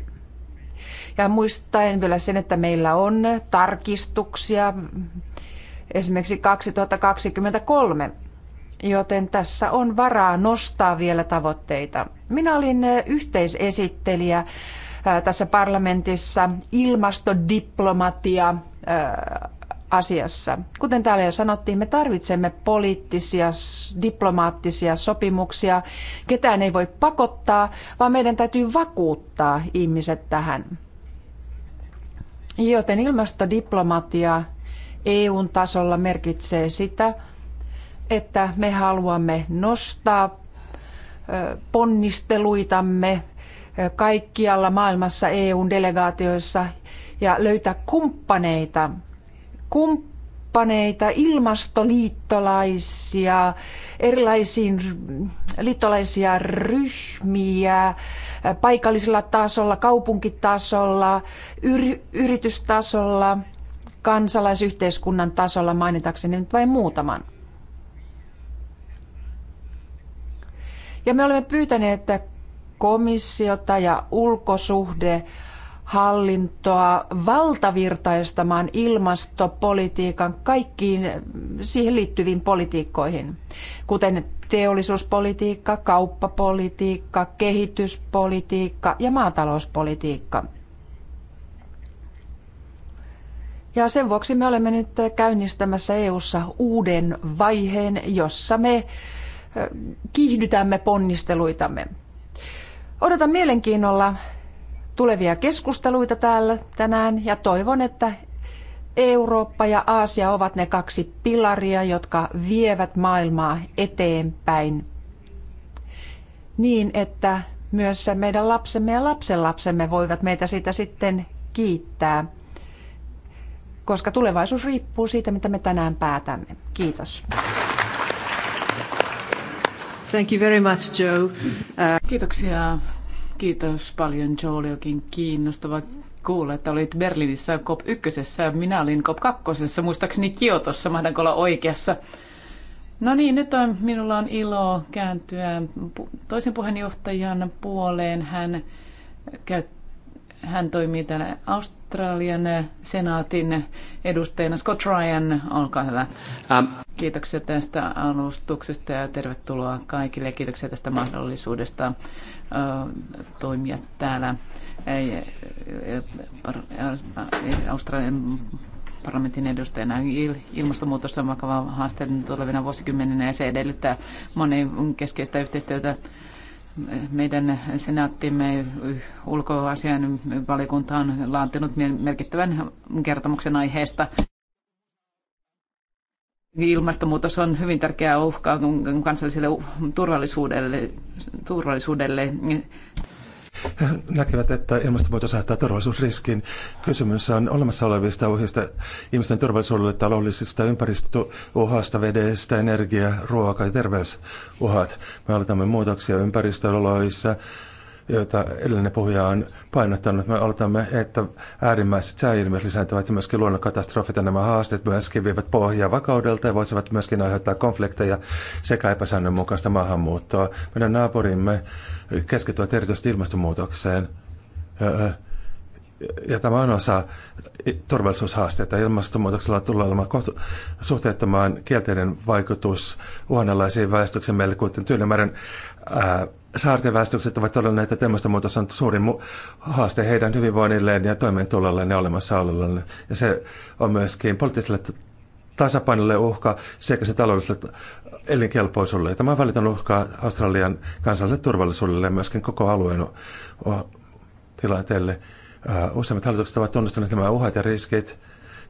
Ja muistaen vielä sen, että meillä on tarkistuksia esimerkiksi 2023, joten tässä on varaa nostaa vielä tavoitteita. Minä olin yhteisesittelijä tässä parlamentissa ilmastodiplomatia asiassa. Kuten täällä jo sanottiin, me tarvitsemme poliittisia, diplomaattisia sopimuksia. Ketään ei voi pakottaa, vaan meidän täytyy vakuuttaa ihmiset tähän. Joten ilmastodiplomatia EUn tasolla merkitsee sitä, että me haluamme nostaa ponnisteluitamme kaikkialla maailmassa EUn delegaatioissa ja löytää kumppaneita, kumppaneita, ilmastoliittolaisia, erilaisiin liittolaisia ryhmiä paikallisella tasolla, kaupunkitasolla, yr- yritystasolla, kansalaisyhteiskunnan tasolla mainitakseni nyt vain muutaman. Ja me olemme pyytäneet komissiota ja ulkosuhde hallintoa valtavirtaistamaan ilmastopolitiikan kaikkiin siihen liittyviin politiikkoihin, kuten teollisuuspolitiikka, kauppapolitiikka, kehityspolitiikka ja maatalouspolitiikka. Ja sen vuoksi me olemme nyt käynnistämässä EU:ssa uuden vaiheen, jossa me eh, kiihdytämme ponnisteluitamme. Odotan mielenkiinnolla tulevia keskusteluita täällä tänään ja toivon, että Eurooppa ja Aasia ovat ne kaksi pilaria, jotka vievät maailmaa eteenpäin niin, että myös meidän lapsemme ja lapsenlapsemme voivat meitä siitä sitten kiittää, koska tulevaisuus riippuu siitä, mitä me tänään päätämme. Kiitos. Thank you very much, Joe. Uh... Kiitoksia. Kiitos paljon, Joe. Oli jokin kiinnostava kuulla, että olit Berliinissä COP1 ja minä olin COP2, muistaakseni Kiotossa, mahdanko olla oikeassa. No niin, nyt on, minulla on ilo kääntyä toisen puheenjohtajan puoleen. Hän, käy, hän toimii täällä Aust- Australian senaatin edustajana Scott Ryan, olkaa hyvä. Um. Kiitoksia tästä alustuksesta ja tervetuloa kaikille. Kiitoksia tästä mahdollisuudesta toimia täällä Australian parlamentin edustajana ilmastonmuutos on vakava haaste tulevina vuosikymmeninä ja se edellyttää monen keskeistä yhteistyötä meidän senaattimme ulkoasian valikunta on laatinut merkittävän kertomuksen aiheesta. Ilmastonmuutos on hyvin tärkeä uhka kansalliselle turvallisuudelle. turvallisuudelle. He näkevät, että ilmastonmuutos aiheuttaa turvallisuusriskin. Kysymys on olemassa olevista uhista ihmisten turvallisuudelle, taloudellisista ympäristöuhasta, vedestä, energia, ruoka ja terveysuhat. Me aloitamme muutoksia ympäristöoloissa, joita edellinen puhuja on painottanut. Me aloitamme, että äärimmäiset sääilmiöt lisääntyvät ja myöskin luonnonkatastrofit ja nämä haasteet myöskin vievät pohjaa vakaudelta ja voisivat myöskin aiheuttaa konflikteja sekä epäsäännönmukaista maahanmuuttoa. Meidän naapurimme keskittyvät erityisesti ilmastonmuutokseen. Ja tämä on osa turvallisuushaasteita. Ilmastonmuutoksella tulee olemaan kohtu- suhteettomaan kielteinen vaikutus uhanalaisiin väestöksen meille, kuten Tyynemeren ää, saarten väestökset ovat näitä tämmöistä muutosta on suurin haaste heidän hyvinvoinnilleen ja toimeentulolleen ja olemassaololleen. Ja se on myöskin poliittiselle tasapainolle uhka sekä se taloudelliselle elinkelpoisuudelle. Ja tämä on välitön uhka Australian kansalliselle turvallisuudelle ja myöskin koko alueen tilanteelle. Äh, useimmat hallitukset ovat tunnistaneet nämä uhat ja riskit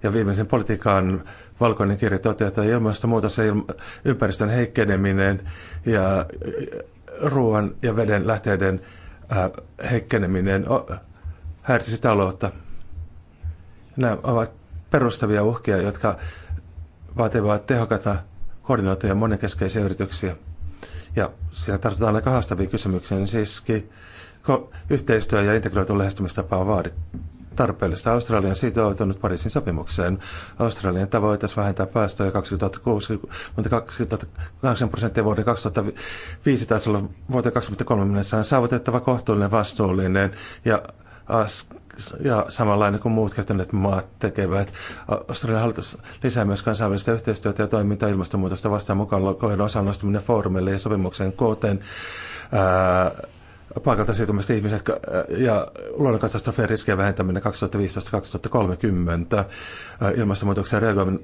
ja viimeisen politiikan valkoinen kirja toteaa, että ilmastonmuutos ja ilma- ympäristön heikkeneminen ja ruoan ja veden lähteiden äh, heikkeneminen häiritsisi taloutta. Nämä ovat perustavia uhkia, jotka vaativat tehokata koordinoituja monenkeskeisiä yrityksiä. Ja siinä tarvitaan aika haastavia kysymyksiä, niin siiskin yhteistyö ja integroitu lähestymistapa on vaadittu tarpeellista. Australia on sitoutunut Pariisin sopimukseen. Australian tavoite vähentää päästöjä 28 prosenttia vuoden 2005 tasolla vuoteen 2030 mennessä on saavutettava kohtuullinen, vastuullinen ja ja samanlainen kuin muut käytännöt maat tekevät. Australian hallitus lisää myös kansainvälistä yhteistyötä ja toimintaa ilmastonmuutosta vastaan mukaan kohdalla osallistuminen foorumille ja sopimukseen kooten paikalta siirtymästä ihmiset ja luonnonkatastrofien riskien vähentäminen 2015-2030. Ilmastonmuutoksen reagoiminen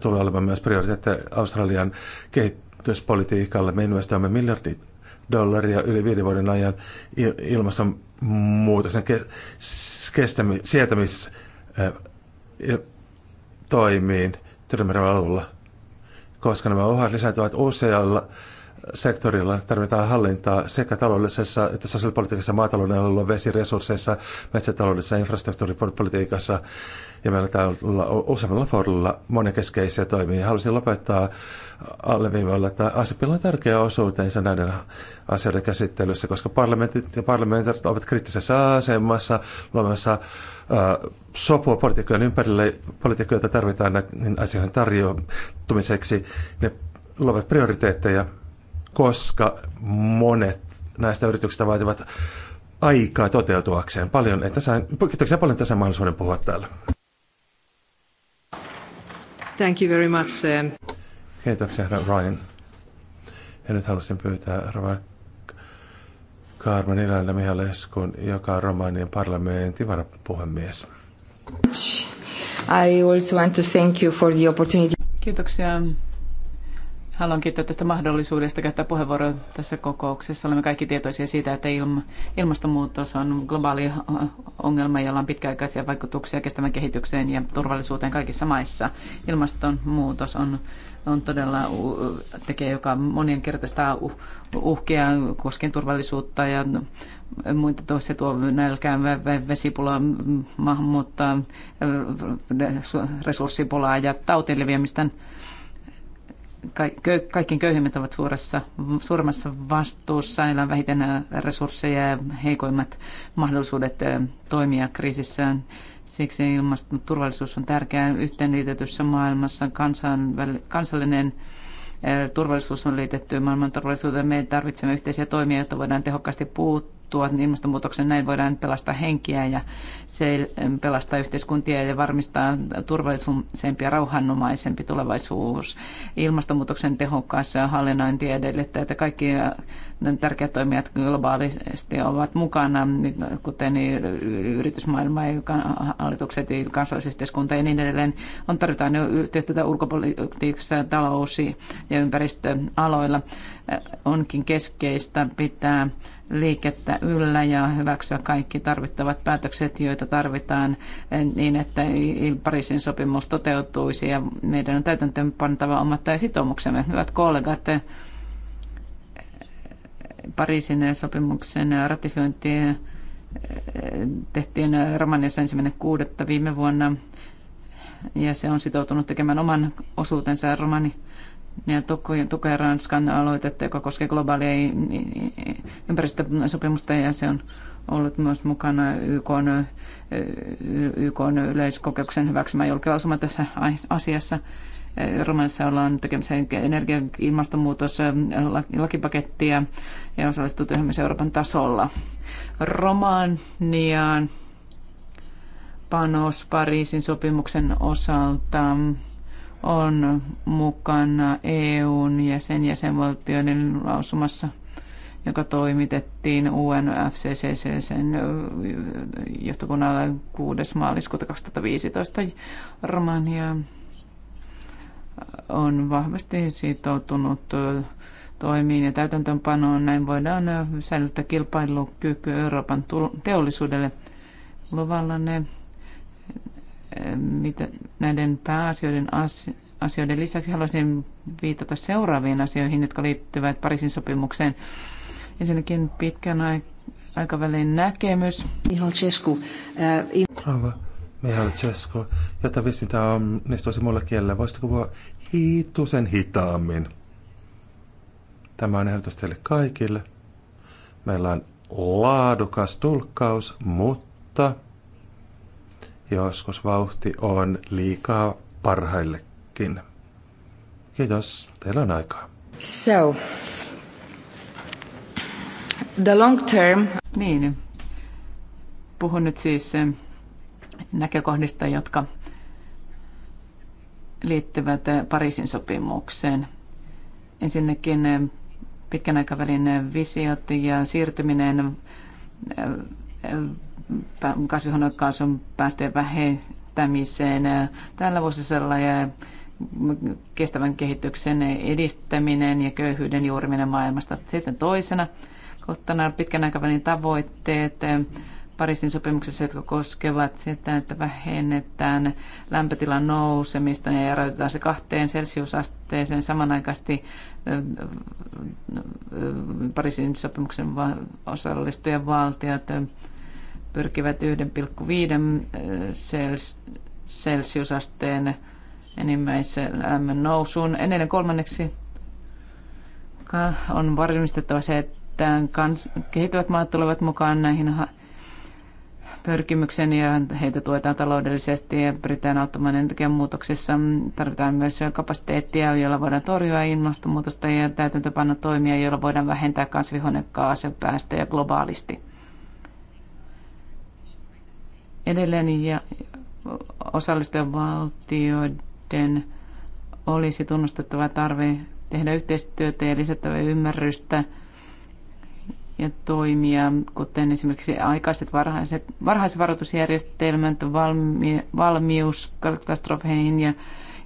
tulee olemaan myös prioriteetti Australian kehityspolitiikalle. Me investoimme miljardi dollaria yli viiden vuoden ajan ilmastonmuutoksen ke- kestämi- sietämis toimiin Tyrmärän alueella, koska nämä ohjat lisääntyvät usealla sektorilla tarvitaan hallintaa sekä taloudellisessa että sosiaalipolitiikassa, maatalouden alueella, vesiresursseissa, metsätaloudessa, infrastruktuuripolitiikassa. Ja meillä täällä on useammalla foorilla monenkeskeisiä toimia. Haluaisin lopettaa alleviivalla, että ASEPilla on tärkeä osuutensa näiden asioiden käsittelyssä, koska parlamentit ja parlamentit ovat kriittisessä asemassa luomassa sopua politiikkojen ympärille. Politiikkoja, joita tarvitaan näiden asioiden tarjoamiseksi. Ne luovat prioriteetteja koska monet näistä yrityksistä vaativat aikaa toteutuakseen. Paljon, että sain, kiitoksia paljon tässä mahdollisuuden puhua täällä. Thank you very much, Sam. Kiitoksia, herra Ryan. Ja nyt haluaisin pyytää Rova Carmen Ilänä Mihaleskun, joka on Romanian parlamentin varapuhemies. I also want to thank you for the opportunity. Kiitoksia Haluan kiittää tästä mahdollisuudesta käyttää puheenvuoroa tässä kokouksessa. Olemme kaikki tietoisia siitä, että ilmastonmuutos on globaali ongelma, jolla on pitkäaikaisia vaikutuksia kestävän kehitykseen ja turvallisuuteen kaikissa maissa. Ilmastonmuutos on, on todella tekee joka monien kertaista uhkia koskien turvallisuutta ja muita toisia tuo nälkään, vesipulaa, maahanmuuttaa, resurssipulaa ja tautien leviämistä kaikkein köyhimmät ovat suuressa, suuremmassa vastuussa, heillä on vähiten resursseja ja heikoimmat mahdollisuudet toimia kriisissä. Siksi ilmaston on tärkeää yhteenliitetyssä maailmassa. kansallinen turvallisuus on liitetty maailman turvallisuuteen. Me tarvitsemme yhteisiä toimia, jotta voidaan tehokkaasti puuttua puuttua ilmastonmuutoksen, Näin voidaan pelastaa henkiä ja se pelastaa yhteiskuntia ja varmistaa turvallisempi ja rauhanomaisempi tulevaisuus. Ilmastonmuutoksen tehokkaassa hallinnointi edellyttää, että kaikki tärkeät toimijat globaalisti ovat mukana, kuten yritysmaailma, hallitukset, kansallisyhteiskunta ja niin edelleen. On tarvitaan jo yhteistyötä ulkopolitiikassa, talous- ja ympäristöaloilla. Onkin keskeistä pitää liikettä yllä ja hyväksyä kaikki tarvittavat päätökset, joita tarvitaan eh, niin, että Pariisin sopimus toteutuisi ja meidän on täytäntöön pantava omat sitoumuksemme. Hyvät kollegat, eh, Pariisin sopimuksen ratifiointi eh, tehtiin Romaniassa ensimmäinen kuudetta viime vuonna ja se on sitoutunut tekemään oman osuutensa Romani ja tukee Ranskan aloitetta, joka koskee globaalia ympäristösopimusta ja se on ollut myös mukana YK, YK yleiskokeuksen hyväksymä julkilausuma tässä asiassa. Romanissa ollaan tekemässä energia- ja ilmastonmuutos lakipakettia ja osallistuu työhön myös Euroopan tasolla. Romaniaan panos Pariisin sopimuksen osalta on mukana EUn ja sen jäsenvaltioiden lausumassa, joka toimitettiin UNFCCC sen johtokunnalle 6. maaliskuuta 2015. Romania on vahvasti sitoutunut toimiin ja täytäntöönpanoon. Näin voidaan säilyttää kilpailukyky Euroopan teollisuudelle luvallanne mitä näiden pääasioiden asioiden lisäksi haluaisin viitata seuraaviin asioihin, jotka liittyvät Pariisin sopimukseen. Ensinnäkin pitkän aikavälin näkemys. Mihal Cesku. Äh, Rauha, Mihal Cesku, jotta tämä on olisi mulla kielellä. Voisitko puhua hiitusen hitaammin? Tämä on ehdotus teille kaikille. Meillä on laadukas tulkkaus, mutta Joskus vauhti on liikaa parhaillekin. Kiitos, teillä on aikaa. So, the long term... Niin, puhun nyt siis eh, näkökohdista, jotka liittyvät eh, Pariisin sopimukseen. Ensinnäkin eh, pitkän aikavälin visiot ja siirtyminen kasvihuonekaasun päästöjen vähentämiseen tällä vuosisadalla ja kestävän kehityksen edistäminen ja köyhyyden juuriminen maailmasta. Sitten toisena kohtana pitkän aikavälin tavoitteet Pariisin sopimuksessa, jotka koskevat sitä, että vähennetään lämpötilan nousemista ja rajoitetaan se kahteen celsiusasteeseen samanaikaisesti Pariisin sopimuksen osallistujan valtiot pyrkivät 1,5 eh, celsiusasteen enimmäislämmön nousuun. Ennen kolmanneksi on varmistettava se, että kans, kehittyvät maat tulevat mukaan näihin pyrkimyksen ja heitä tuetaan taloudellisesti ja pyritään auttamaan energiamuutoksessa. Tarvitaan myös kapasiteettia, jolla voidaan torjua ilmastonmuutosta ja täytäntöpanna toimia, joilla voidaan vähentää kasvihuonekaasupäästöjä globaalisti. Edelleen ja osallistujavaltioiden olisi tunnustettava tarve tehdä yhteistyötä ja lisättävä ymmärrystä ja toimia, kuten esimerkiksi aikaiset varhaiset, varhaisvaroitusjärjestelmät, valmi, valmius katastrofeihin ja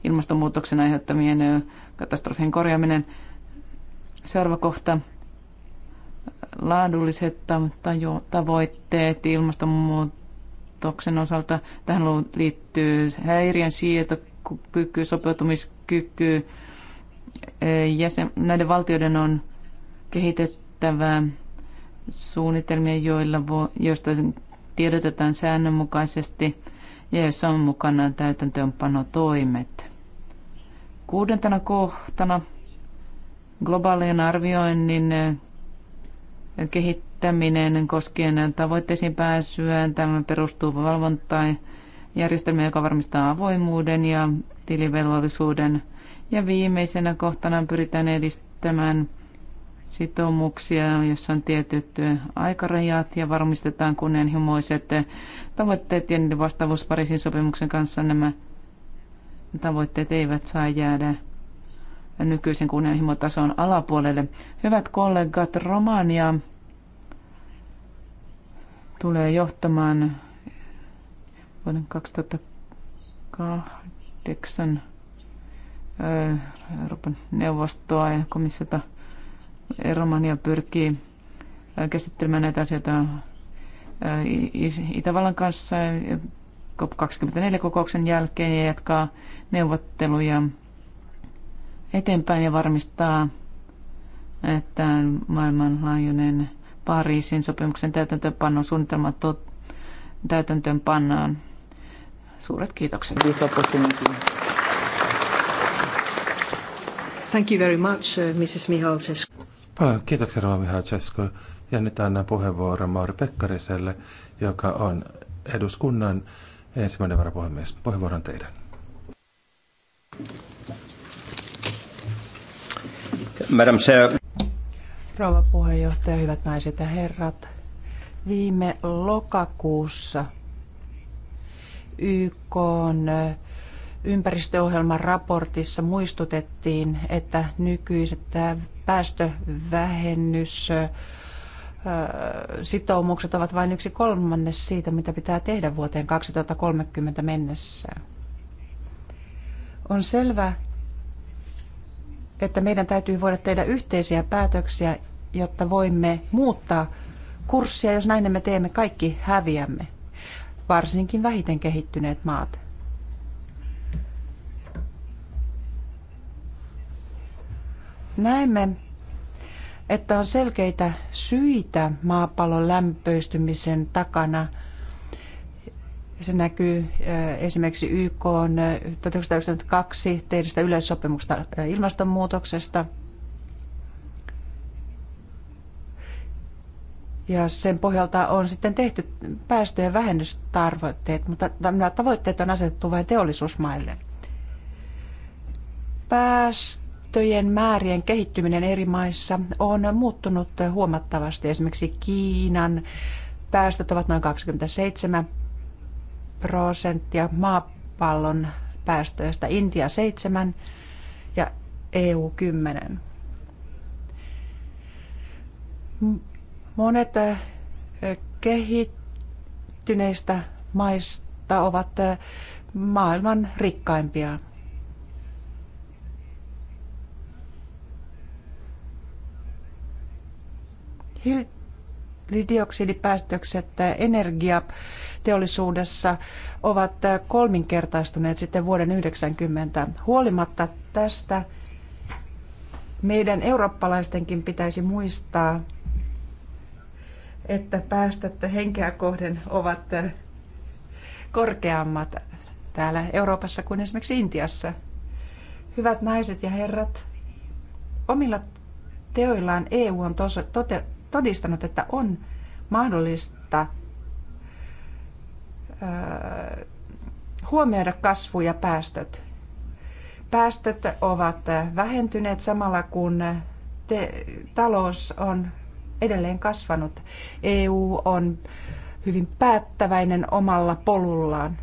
ilmastonmuutoksen aiheuttamien katastrofien korjaaminen. Seuraava kohta. Laadulliset tavoitteet, ilmastonmuutos muutoksen osalta. Tähän liittyy häiriön sietokyky, sopeutumiskyky. Jäsen, näiden valtioiden on kehitettävä suunnitelmia, joilla vo, joista tiedotetaan säännönmukaisesti ja joissa on mukana täytäntöönpanotoimet. Kuudentena kohtana globaalien arvioinnin kehittäminen kehittäminen koskien tavoitteisiin pääsyä. Tämä perustuu valvontaan järjestelmä, joka varmistaa avoimuuden ja tilivelvollisuuden. Ja viimeisenä kohtana pyritään edistämään sitoumuksia, jossa on tietyt aikarajat ja varmistetaan kunnianhimoiset tavoitteet ja niiden vastaavuus Pariisin sopimuksen kanssa. Nämä tavoitteet eivät saa jäädä nykyisen kunnianhimotason alapuolelle. Hyvät kollegat, Romania tulee johtamaan vuoden 2008 Euroopan neuvostoa ja komissiota. Romania pyrkii käsittelemään näitä asioita Itävallan kanssa COP24-kokouksen jälkeen ja jatkaa neuvotteluja eteenpäin ja varmistaa, että maailmanlaajuinen Pariisin sopimuksen täytäntöönpannon suunnitelma tot- täytäntöönpannaan. Suuret kiitokset. Thank you very much, uh, Mrs. Mihalcescu. Paljon kiitoksia, Rova Mihalcescu. Ja nyt annan puheenvuoron Mauri Pekkariselle, joka on eduskunnan ensimmäinen varapuhemies. Puheenvuoron teidän. Madam Chair. Rouva puheenjohtaja, hyvät naiset ja herrat. Viime lokakuussa YK on ympäristöohjelman raportissa muistutettiin, että nykyiset päästövähennys sitoumukset ovat vain yksi kolmannes siitä, mitä pitää tehdä vuoteen 2030 mennessä. On selvä, että meidän täytyy voida tehdä yhteisiä päätöksiä jotta voimme muuttaa kurssia. Jos näin me teemme, kaikki häviämme, varsinkin vähiten kehittyneet maat. Näemme, että on selkeitä syitä maapallon lämpöistymisen takana – se näkyy eh, esimerkiksi YK eh, 1992 tehdystä yleissopimuksesta eh, ilmastonmuutoksesta. ja sen pohjalta on sitten tehty päästöjen vähennystavoitteet, mutta nämä tavoitteet on asetettu vain teollisuusmaille. Päästöjen määrien kehittyminen eri maissa on muuttunut huomattavasti. Esimerkiksi Kiinan päästöt ovat noin 27 prosenttia maapallon päästöistä, Intia 7 ja EU 10 Monet äh, kehittyneistä maista ovat äh, maailman rikkaimpia. hiilidioksidipäästökset äh, energiateollisuudessa ovat kolminkertaistuneet sitten vuoden 90. Huolimatta tästä meidän eurooppalaistenkin pitäisi muistaa, että päästöt henkeä kohden ovat äh, korkeammat täällä Euroopassa kuin esimerkiksi Intiassa. Hyvät naiset ja herrat, omilla teoillaan EU on tos, tote, todistanut, että on mahdollista äh, huomioida kasvu ja päästöt. Päästöt ovat vähentyneet samalla kun te, talous on edelleen kasvanut. EU on hyvin päättäväinen omalla polullaan.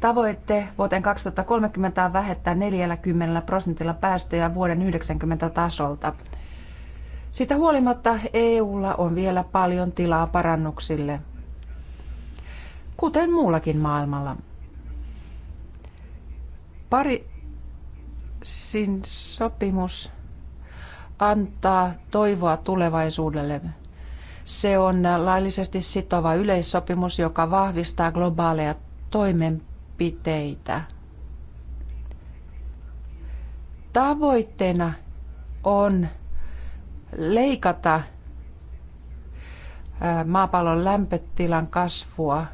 Tavoitte vuoteen 2030 on vähettää 40 prosentilla päästöjä vuoden 90 tasolta. Sitä huolimatta EUlla on vielä paljon tilaa parannuksille, kuten muullakin maailmalla. Pari sin sopimus antaa toivoa tulevaisuudelle. Se on laillisesti sitova yleissopimus, joka vahvistaa globaaleja toimenpiteitä. Tavoitteena on leikata maapallon lämpötilan kasvua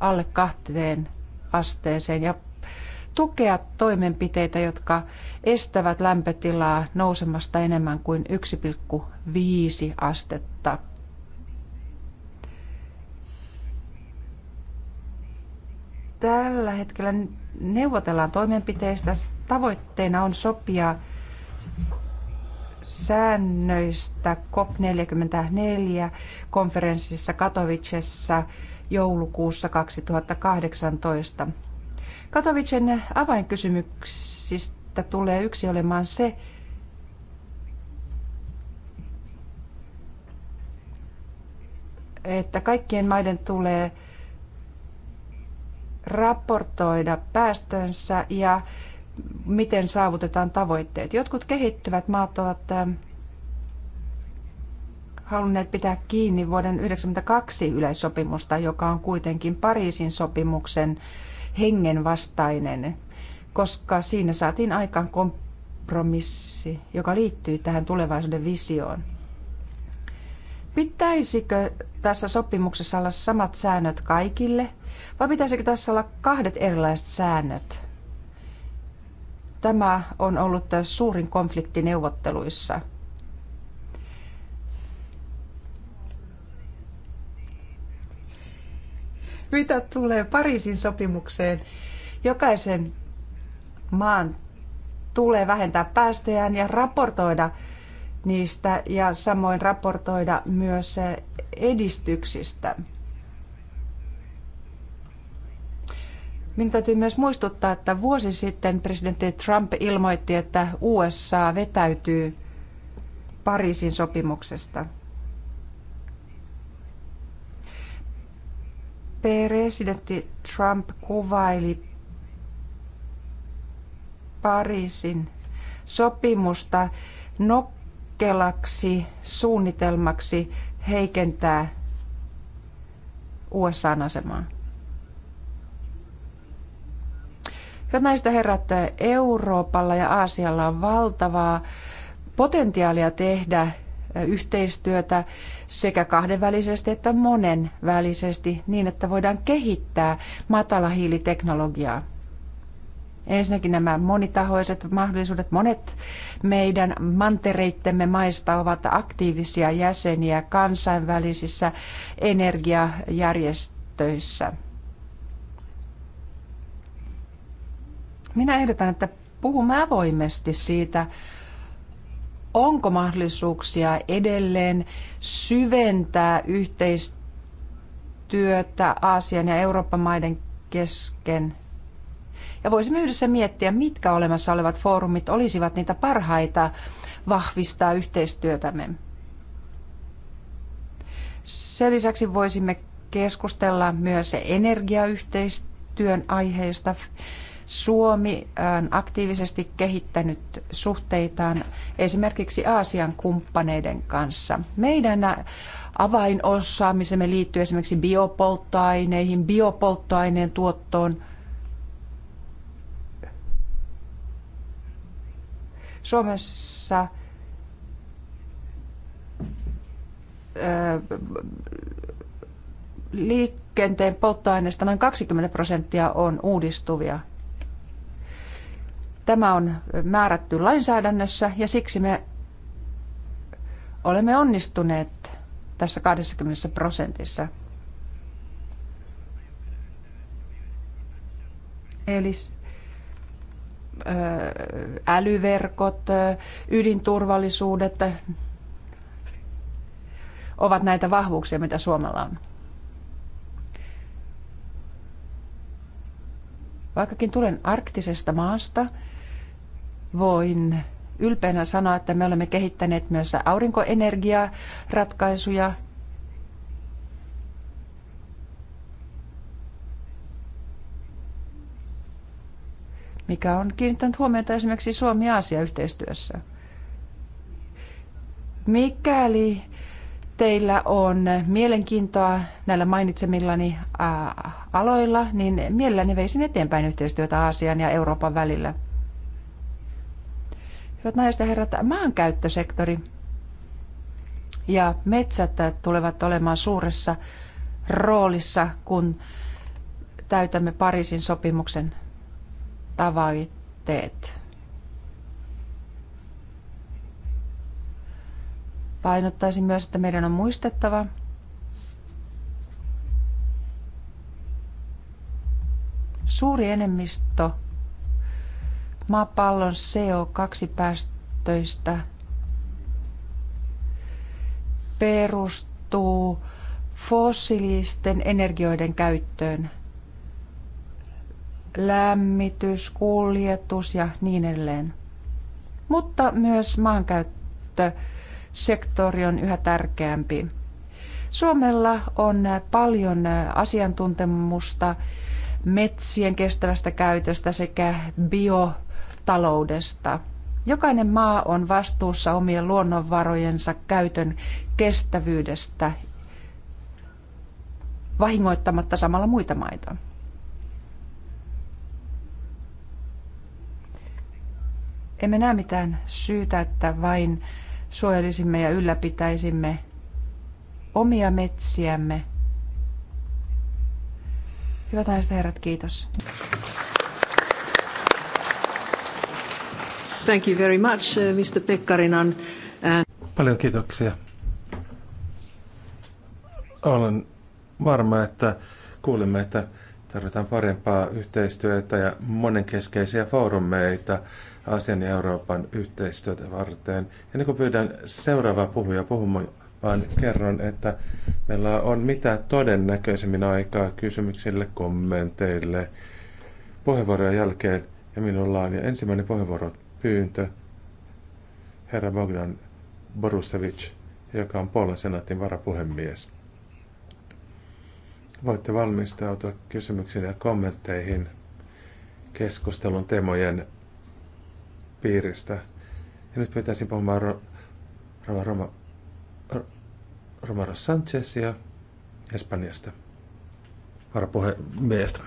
alle kahteen asteeseen ja tukea toimenpiteitä, jotka estävät lämpötilaa nousemasta enemmän kuin 1,5 astetta. Tällä hetkellä neuvotellaan toimenpiteistä. Tavoitteena on sopia säännöistä COP44 konferenssissa Katowicessa joulukuussa 2018. Katovicen avainkysymyksistä tulee yksi olemaan se, että kaikkien maiden tulee raportoida päästönsä ja miten saavutetaan tavoitteet. Jotkut kehittyvät maat ovat äh, halunneet pitää kiinni vuoden 1992 yleissopimusta, joka on kuitenkin Pariisin sopimuksen hengenvastainen, koska siinä saatiin aikaan kompromissi, joka liittyy tähän tulevaisuuden visioon. Pitäisikö tässä sopimuksessa olla samat säännöt kaikille, vai pitäisikö tässä olla kahdet erilaiset säännöt? Tämä on ollut suurin konflikti neuvotteluissa – Mitä tulee Pariisin sopimukseen, jokaisen maan tulee vähentää päästöjään ja raportoida niistä ja samoin raportoida myös edistyksistä. Minun täytyy myös muistuttaa, että vuosi sitten presidentti Trump ilmoitti, että USA vetäytyy Pariisin sopimuksesta – Presidentti Trump kuvaili Pariisin sopimusta nokkelaksi suunnitelmaksi heikentää USAn asemaa. Hyvät naiset ja herrat, Euroopalla ja Aasialla on valtavaa potentiaalia tehdä yhteistyötä sekä kahdenvälisesti että monenvälisesti niin, että voidaan kehittää matalahiiliteknologiaa. Ensinnäkin nämä monitahoiset mahdollisuudet. Monet meidän mantereittemme maista ovat aktiivisia jäseniä kansainvälisissä energiajärjestöissä. Minä ehdotan, että puhumme avoimesti siitä, onko mahdollisuuksia edelleen syventää yhteistyötä Aasian ja Euroopan maiden kesken. Ja voisimme yhdessä miettiä, mitkä olemassa olevat foorumit olisivat niitä parhaita vahvistaa yhteistyötämme. Sen lisäksi voisimme keskustella myös energiayhteistyön aiheista Suomi on aktiivisesti kehittänyt suhteitaan esimerkiksi Aasian kumppaneiden kanssa. Meidän avainosaamisemme liittyy esimerkiksi biopolttoaineihin, biopolttoaineen tuottoon. Suomessa liikenteen polttoaineista noin 20 prosenttia on uudistuvia Tämä on määrätty lainsäädännössä ja siksi me olemme onnistuneet tässä 20 prosentissa. Eli äh, älyverkot, äh, ydinturvallisuudet äh, ovat näitä vahvuuksia, mitä Suomella on. Vaikkakin tulen arktisesta maasta, voin ylpeänä sanoa, että me olemme kehittäneet myös aurinkoenergiaratkaisuja. ratkaisuja. mikä on kiinnittänyt huomiota esimerkiksi Suomi-Aasia-yhteistyössä. Mikäli teillä on mielenkiintoa näillä mainitsemillani aloilla, niin mielelläni veisin eteenpäin yhteistyötä Aasian ja Euroopan välillä – Hyvät naiset ja herrat, maankäyttösektori ja metsät tulevat olemaan suuressa roolissa, kun täytämme Pariisin sopimuksen tavoitteet. Painottaisin myös, että meidän on muistettava, suuri enemmistö maapallon CO2-päästöistä perustuu fossiilisten energioiden käyttöön. Lämmitys, kuljetus ja niin edelleen. Mutta myös maankäyttösektori on yhä tärkeämpi. Suomella on paljon asiantuntemusta metsien kestävästä käytöstä sekä bio taloudesta. Jokainen maa on vastuussa omien luonnonvarojensa käytön kestävyydestä vahingoittamatta samalla muita maita. Emme näe mitään syytä, että vain suojelisimme ja ylläpitäisimme omia metsiämme. Hyvät naiset ja herrat, kiitos. Thank you very much, uh, Mr. And... Uh, Paljon kiitoksia. Olen varma, että kuulimme, että tarvitaan parempaa yhteistyötä ja monenkeskeisiä foorumeita Aasian ja Euroopan yhteistyötä varten. Ja niin kuin pyydän seuraavaa puhuja puhumaan, vaan kerron, että meillä on mitä todennäköisemmin aikaa kysymyksille, kommenteille, puheenvuorojen jälkeen. Ja minulla on ja ensimmäinen puheenvuoro pyyntö herra Bogdan Borusevic, joka on Puolan senaatin varapuhemies. Voitte valmistautua kysymyksiin ja kommentteihin keskustelun teemojen piiristä. Ja nyt pyytäisin puhumaan Ro- Ro- Ro- Romero Sanchezia Espanjasta, varapuhemiestä.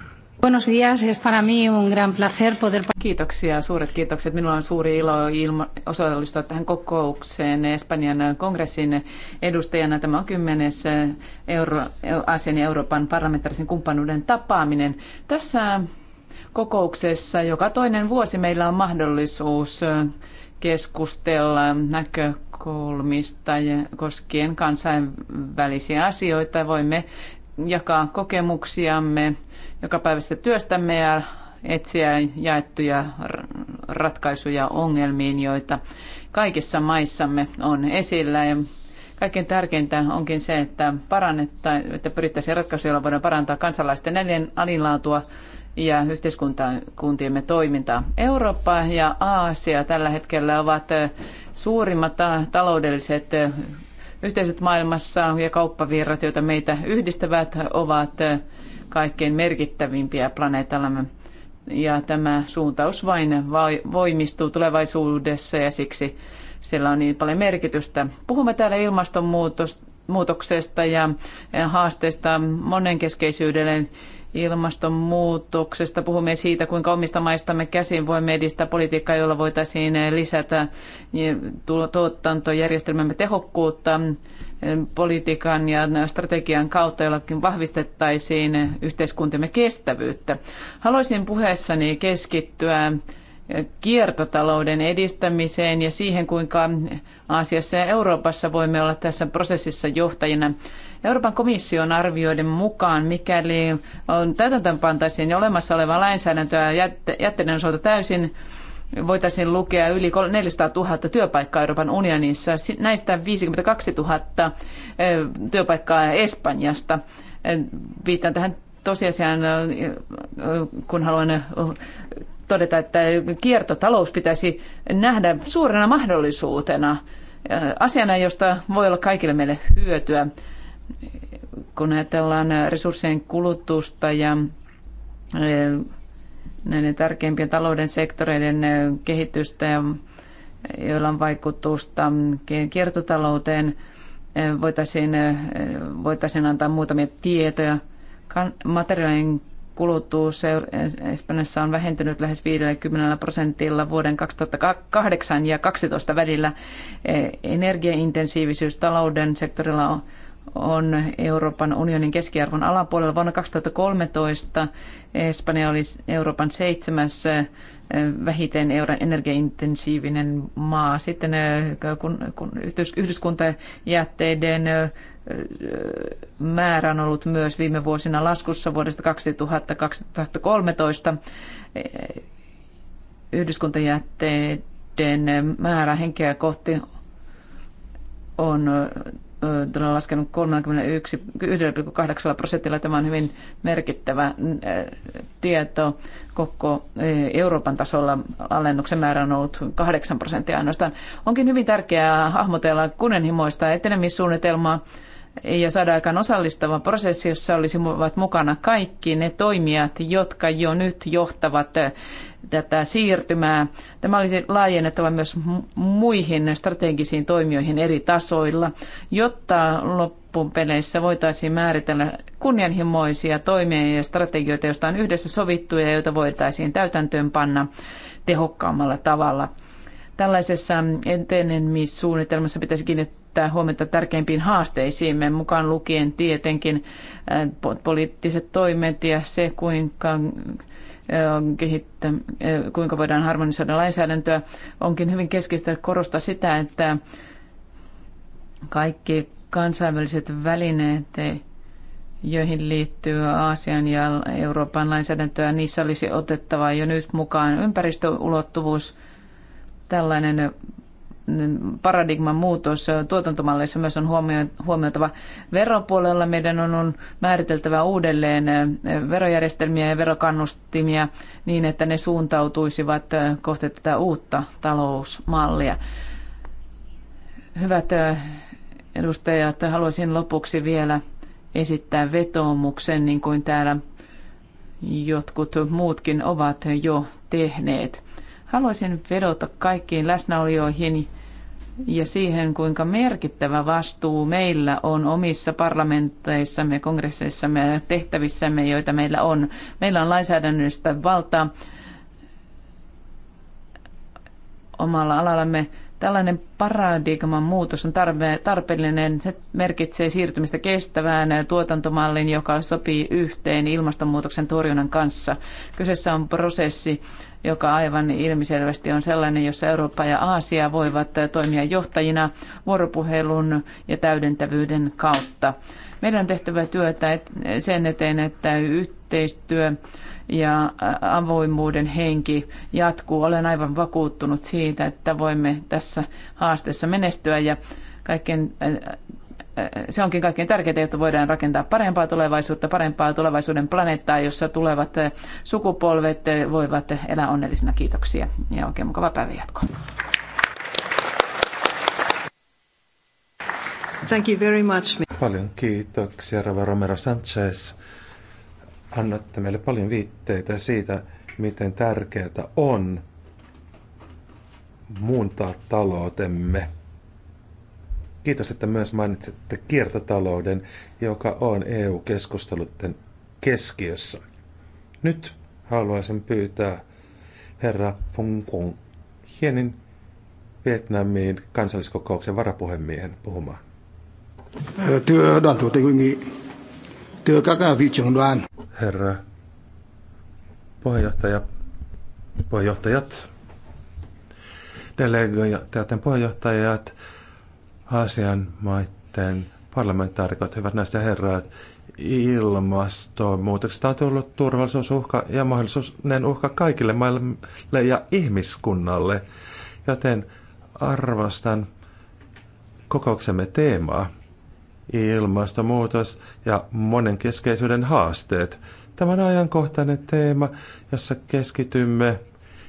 Buenos días, es para mí un gran placer poder... Kiitoksia, suuret kiitokset. Minulla on suuri ilo ilma, osallistua tähän kokoukseen Espanjan kongressin edustajana. Tämä on kymmenes eh, Euro, Aasian ja Euroopan parlamentaarisen kumppanuuden tapaaminen. Tässä kokouksessa joka toinen vuosi meillä on mahdollisuus eh, keskustella näkökulmista ja koskien kansainvälisiä asioita. Voimme jakaa kokemuksiamme joka päivästä työstämme ja etsiä jaettuja ratkaisuja ongelmiin, joita kaikissa maissamme on esillä. Ja kaikkein tärkeintä onkin se, että, parannetta, että pyrittäisiin ratkaisuja, joilla voidaan parantaa kansalaisten neljän alinlaatua ja yhteiskuntakuntiemme toimintaa. Eurooppa ja Aasia tällä hetkellä ovat suurimmat taloudelliset yhteiset maailmassa ja kauppavirrat, joita meitä yhdistävät, ovat kaikkein merkittävimpiä planeetallamme. Ja tämä suuntaus vain voimistuu tulevaisuudessa ja siksi sillä on niin paljon merkitystä. Puhumme täällä ilmastonmuutoksesta ja haasteista monenkeskeisyydelle ilmastonmuutoksesta. Puhumme siitä, kuinka omista maistamme käsin voimme edistää politiikkaa, jolla voitaisiin lisätä tuotantojärjestelmämme tehokkuutta politiikan ja strategian kautta, jollakin vahvistettaisiin yhteiskuntamme kestävyyttä. Haluaisin puheessani keskittyä kiertotalouden edistämiseen ja siihen, kuinka Aasiassa ja Euroopassa voimme olla tässä prosessissa johtajina. Euroopan komission arvioiden mukaan, mikäli on täytäntöön pantaisiin olemassa olevaa lainsäädäntöä jätteiden osalta täysin voitaisiin lukea yli 400 000 työpaikkaa Euroopan unionissa. Näistä 52 000 työpaikkaa Espanjasta. Viittaan tähän tosiasiaan, kun haluan todeta, että kiertotalous pitäisi nähdä suurena mahdollisuutena, asiana, josta voi olla kaikille meille hyötyä, kun ajatellaan resurssien kulutusta ja näiden tärkeimpien talouden sektoreiden kehitystä, joilla on vaikutusta kiertotalouteen. Voitaisiin, voitaisiin antaa muutamia tietoja. Materiaalien kulutus Espanjassa on vähentynyt lähes 50 prosentilla vuoden 2008 ja 2012 välillä. Energiaintensiivisyys talouden sektorilla on on Euroopan unionin keskiarvon alapuolella. Vuonna 2013 Espanja oli Euroopan seitsemäs vähiten euron energiaintensiivinen maa. Sitten kun, kun yhdyskuntajätteiden määrä on ollut myös viime vuosina laskussa vuodesta 2000-2013. E, yhdyskuntajätteiden määrä henkeä kohti on laskenut 31,8 prosentilla. Tämä on hyvin merkittävä tieto. Koko Euroopan tasolla alennuksen määrä on ollut 8 prosenttia ainoastaan. Onkin hyvin tärkeää hahmotella kunnianhimoista etenemissuunnitelmaa ja saada aikaan osallistava prosessi, jossa olisivat mukana kaikki ne toimijat, jotka jo nyt johtavat tätä siirtymää. Tämä olisi laajennettava myös muihin strategisiin toimijoihin eri tasoilla, jotta loppupeleissä voitaisiin määritellä kunnianhimoisia toimia ja strategioita, joista on yhdessä sovittu ja joita voitaisiin täytäntöönpanna tehokkaammalla tavalla. Tällaisessa etenemissuunnitelmassa pitäisi kiinnittää huomenta tärkeimpiin haasteisiimme, mukaan lukien tietenkin äh, poliittiset toimet ja se, kuinka kehittää, kuinka voidaan harmonisoida lainsäädäntöä, onkin hyvin keskeistä korostaa sitä, että kaikki kansainväliset välineet, joihin liittyy Aasian ja Euroopan lainsäädäntöä, niissä olisi otettava jo nyt mukaan ympäristöulottuvuus. Tällainen paradigman muutos tuotantomalleissa myös on huomioitava veropuolella. Meidän on määriteltävä uudelleen verojärjestelmiä ja verokannustimia niin, että ne suuntautuisivat kohti tätä uutta talousmallia. Hyvät edustajat, haluaisin lopuksi vielä esittää vetoomuksen, niin kuin täällä jotkut muutkin ovat jo tehneet. Haluaisin vedota kaikkiin läsnäolijoihin ja siihen, kuinka merkittävä vastuu meillä on omissa parlamenteissamme, kongresseissamme ja tehtävissämme, joita meillä on. Meillä on lainsäädännöllistä valtaa omalla alallamme. Tällainen paradigman muutos on tarve, tarpeellinen. Se merkitsee siirtymistä kestävään tuotantomallin, joka sopii yhteen ilmastonmuutoksen torjunnan kanssa. Kyseessä on prosessi, joka aivan ilmiselvästi on sellainen, jossa Eurooppa ja Aasia voivat toimia johtajina vuoropuhelun ja täydentävyyden kautta. Meidän on tehtävä työtä sen eteen, että yhteistyö ja avoimuuden henki jatkuu. Olen aivan vakuuttunut siitä, että voimme tässä haasteessa menestyä ja kaiken se onkin kaikkein tärkeintä, että voidaan rakentaa parempaa tulevaisuutta, parempaa tulevaisuuden planeettaa, jossa tulevat sukupolvet voivat elää onnellisina. Kiitoksia ja oikein mukava päivänjatko. Thank you very much. Paljon kiitoksia, Rava Romero Sanchez annatte meille paljon viitteitä siitä, miten tärkeää on muuntaa taloutemme. Kiitos, että myös mainitsette kiertotalouden, joka on EU-keskustelutten keskiössä. Nyt haluaisin pyytää herra Phung Kung Hienin Vietnamiin kansalliskokouksen varapuhemiehen puhumaan. Thưa đoàn chủ tịch hội nghị, thưa các vị trưởng đoàn herra puheenjohtaja, puheenjohtajat, delegaatioiden puheenjohtajat, Aasian maiden parlamentaarikot, hyvät näistä herrat, ilmastonmuutoksesta on tullut turvallisuusuhka ja mahdollisuuden uhka kaikille maille ja ihmiskunnalle, joten arvostan kokouksemme teemaa – ilmastonmuutos ja monenkeskeisyyden haasteet. Tämä on ajankohtainen teema, jossa keskitymme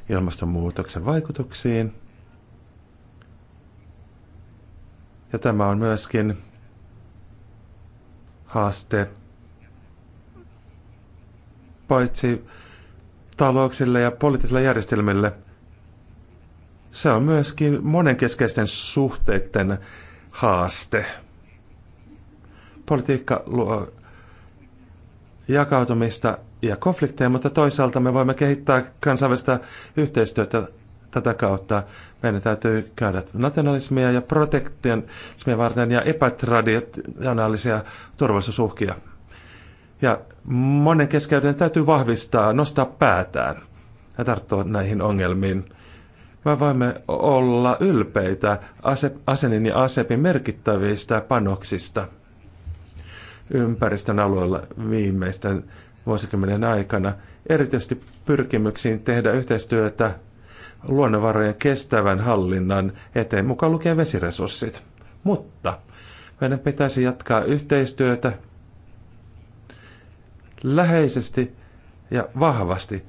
ilmastonmuutoksen vaikutuksiin. Ja tämä on myöskin haaste paitsi talouksille ja poliittisille järjestelmille. Se on myöskin monenkeskeisten suhteiden haaste politiikka luo jakautumista ja konflikteja, mutta toisaalta me voimme kehittää kansainvälistä yhteistyötä tätä kautta. Meidän täytyy käydä nationalismia ja protektionismia varten ja epätraditionaalisia turvallisuusuhkia. Ja monen keskeyden täytyy vahvistaa, nostaa päätään ja tarttua näihin ongelmiin. Me voimme olla ylpeitä ase- asenin ja asepin merkittävistä panoksista – ympäristön alueella viimeisten vuosikymmenen aikana, erityisesti pyrkimyksiin tehdä yhteistyötä luonnonvarojen kestävän hallinnan eteen, mukaan lukien vesiresurssit. Mutta meidän pitäisi jatkaa yhteistyötä läheisesti ja vahvasti,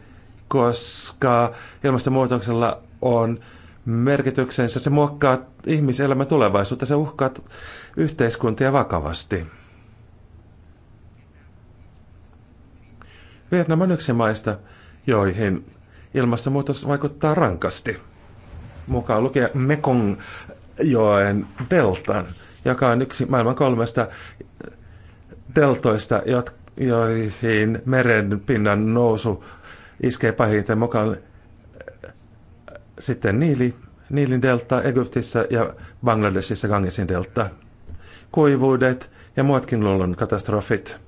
koska ilmastonmuutoksella on merkityksensä. Se muokkaa ihmiselämän tulevaisuutta, se uhkaa yhteiskuntia vakavasti. Vietnam on yksi maista, joihin ilmastonmuutos vaikuttaa rankasti. Mukaan lukee Mekongjoen deltan, joka on yksi maailman kolmesta deltoista, joihin meren pinnan nousu iskee pahiten mukaan sitten Niili, Niilin delta Egyptissä ja Bangladesissa Gangesin delta. Kuivuudet ja muutkin luonnon katastrofit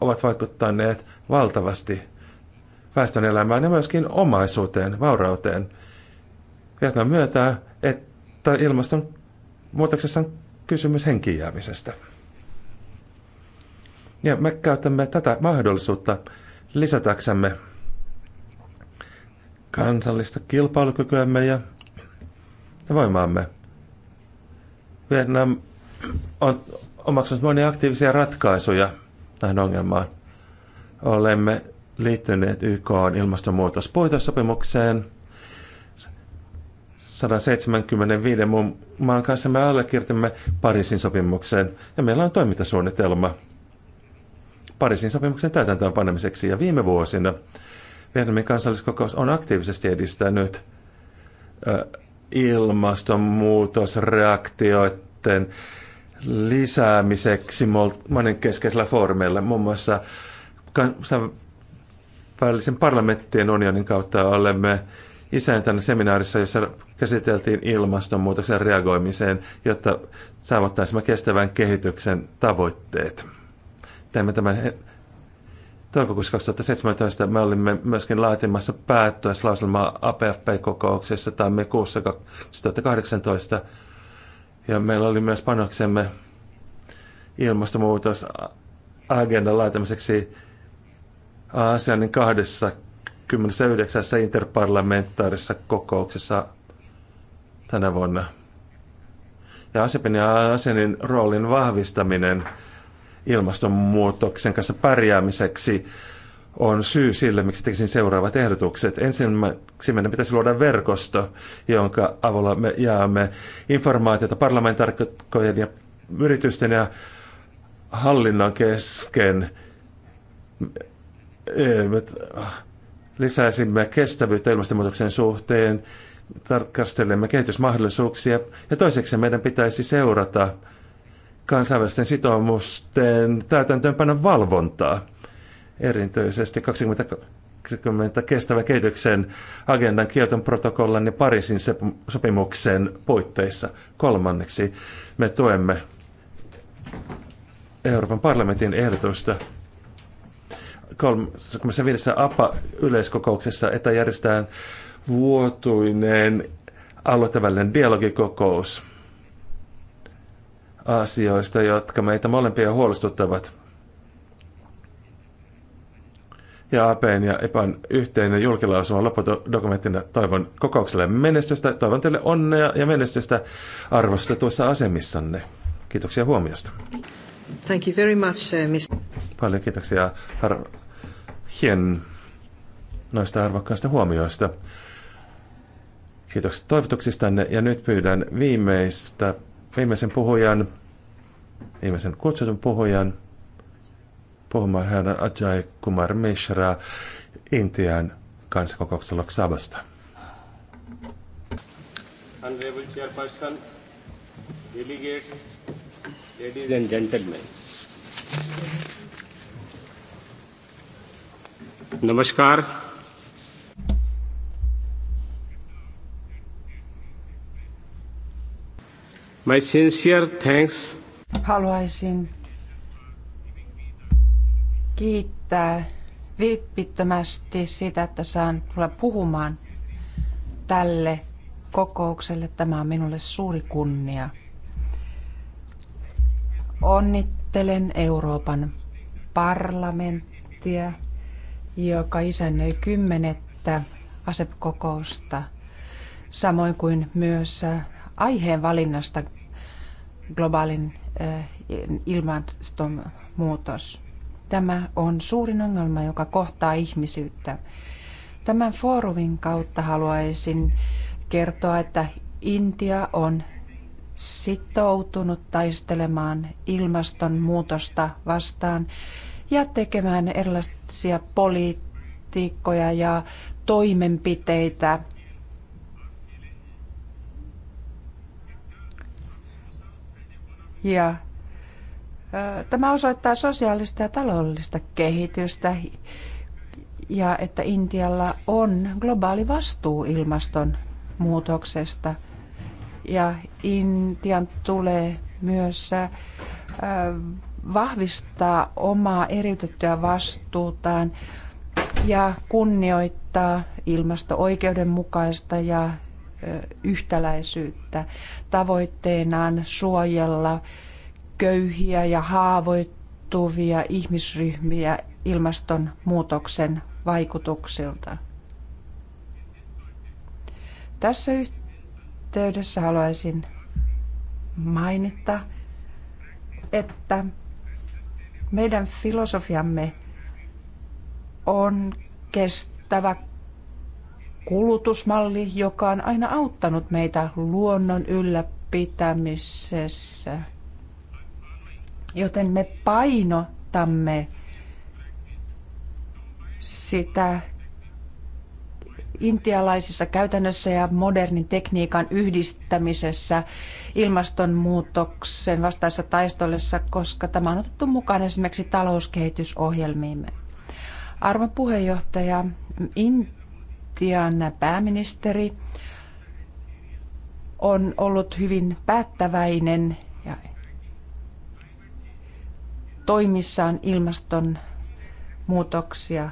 ovat vaikuttaneet valtavasti väestön elämään ja myöskin omaisuuteen, vaurauteen. Vietnam myötää, että muutoksessa on kysymys henkiäämisestä. Ja me käytämme tätä mahdollisuutta lisätäksemme kansallista kilpailukykyämme ja voimaamme. Vietnam on omaksunut monia aktiivisia ratkaisuja – tähän ongelmaan. Olemme liittyneet YK puitosopimukseen. 175 muun maan kanssa me allekirjoitimme Pariisin sopimukseen ja meillä on toimintasuunnitelma Pariisin sopimuksen täytäntöön panemiseksi. Ja viime vuosina Vietnamin kansalliskokous on aktiivisesti edistänyt ilmastonmuutosreaktioiden lisäämiseksi monenkeskeisillä foorumeilla, muun muassa kansainvälisen parlamenttien unionin kautta olemme isäntänä seminaarissa, jossa käsiteltiin ilmastonmuutoksen reagoimiseen, jotta saavuttaisimme kestävän kehityksen tavoitteet. Tämä tämän toukokuussa 2017. Me olimme myöskin laatimassa lauselmaa APFP-kokouksessa tammikuussa 2018, ja meillä oli myös panoksemme ilmastonmuutos agendan laitamiseksi Aasianin 29. interparlamentaarissa kokouksessa tänä vuonna. Ja Asepin ja Aasianin roolin vahvistaminen ilmastonmuutoksen kanssa pärjäämiseksi on syy sille, miksi tekisin seuraavat ehdotukset. Ensimmäiseksi meidän pitäisi luoda verkosto, jonka avulla me jaamme informaatiota parlamentaarikkojen ja yritysten ja hallinnon kesken. lisäisimme kestävyyttä ilmastonmuutoksen suhteen, tarkastelemme kehitysmahdollisuuksia ja toiseksi meidän pitäisi seurata kansainvälisten sitoumusten täytäntöönpanon valvontaa erityisesti 2020 kestävän kehityksen agendan Kioton protokollan ja Pariisin sopimuksen puitteissa. Kolmanneksi me tuemme Euroopan parlamentin ehdotusta 35. APA-yleiskokouksessa, että järjestetään vuotuinen alueiden dialogikokous asioista, jotka meitä molempia huolestuttavat – ja Apeen ja EPAn yhteinen julkilausuma loppudokumenttina toivon kokoukselle menestystä. Toivon teille onnea ja menestystä arvostetuissa asemissanne. Kiitoksia huomiosta. Thank you very much, uh, Mr. Paljon kiitoksia har- hien noista arvokkaista huomioista. Kiitokset toivotuksistanne ja nyt pyydän viimeistä, viimeisen puhujan, viimeisen kutsutun puhujan – puhumaan. Hän Ajay Kumar Mishra Intian kansakokouksella Xabasta. Honorable Chairperson, delegates, ladies and gentlemen. My sincere thanks. Haluaisin kiittää vilpittömästi siitä, että saan tulla puhumaan tälle kokoukselle. Tämä on minulle suuri kunnia. Onnittelen Euroopan parlamenttia, joka isännöi kymmenettä asepkokousta, samoin kuin myös äh, aiheen valinnasta globaalin äh, ilmastonmuutos. Tämä on suurin ongelma, joka kohtaa ihmisyyttä. Tämän foorumin kautta haluaisin kertoa, että Intia on sitoutunut taistelemaan ilmastonmuutosta vastaan ja tekemään erilaisia politiikkoja ja toimenpiteitä ja Tämä osoittaa sosiaalista ja taloudellista kehitystä ja että Intialla on globaali vastuu ilmaston muutoksesta. Ja Intian tulee myös vahvistaa omaa eriytettyä vastuutaan ja kunnioittaa ilmasto-oikeudenmukaista ja yhtäläisyyttä tavoitteenaan suojella köyhiä ja haavoittuvia ihmisryhmiä ilmastonmuutoksen vaikutuksilta. Tässä yhteydessä haluaisin mainita, että meidän filosofiamme on kestävä kulutusmalli, joka on aina auttanut meitä luonnon ylläpitämisessä – Joten me painotamme sitä intialaisissa käytännössä ja modernin tekniikan yhdistämisessä ilmastonmuutoksen vastaisessa taistelussa, koska tämä on otettu mukaan esimerkiksi talouskehitysohjelmiimme. Arvon puheenjohtaja, Intian pääministeri on ollut hyvin päättäväinen toimissaan ilmastonmuutoksia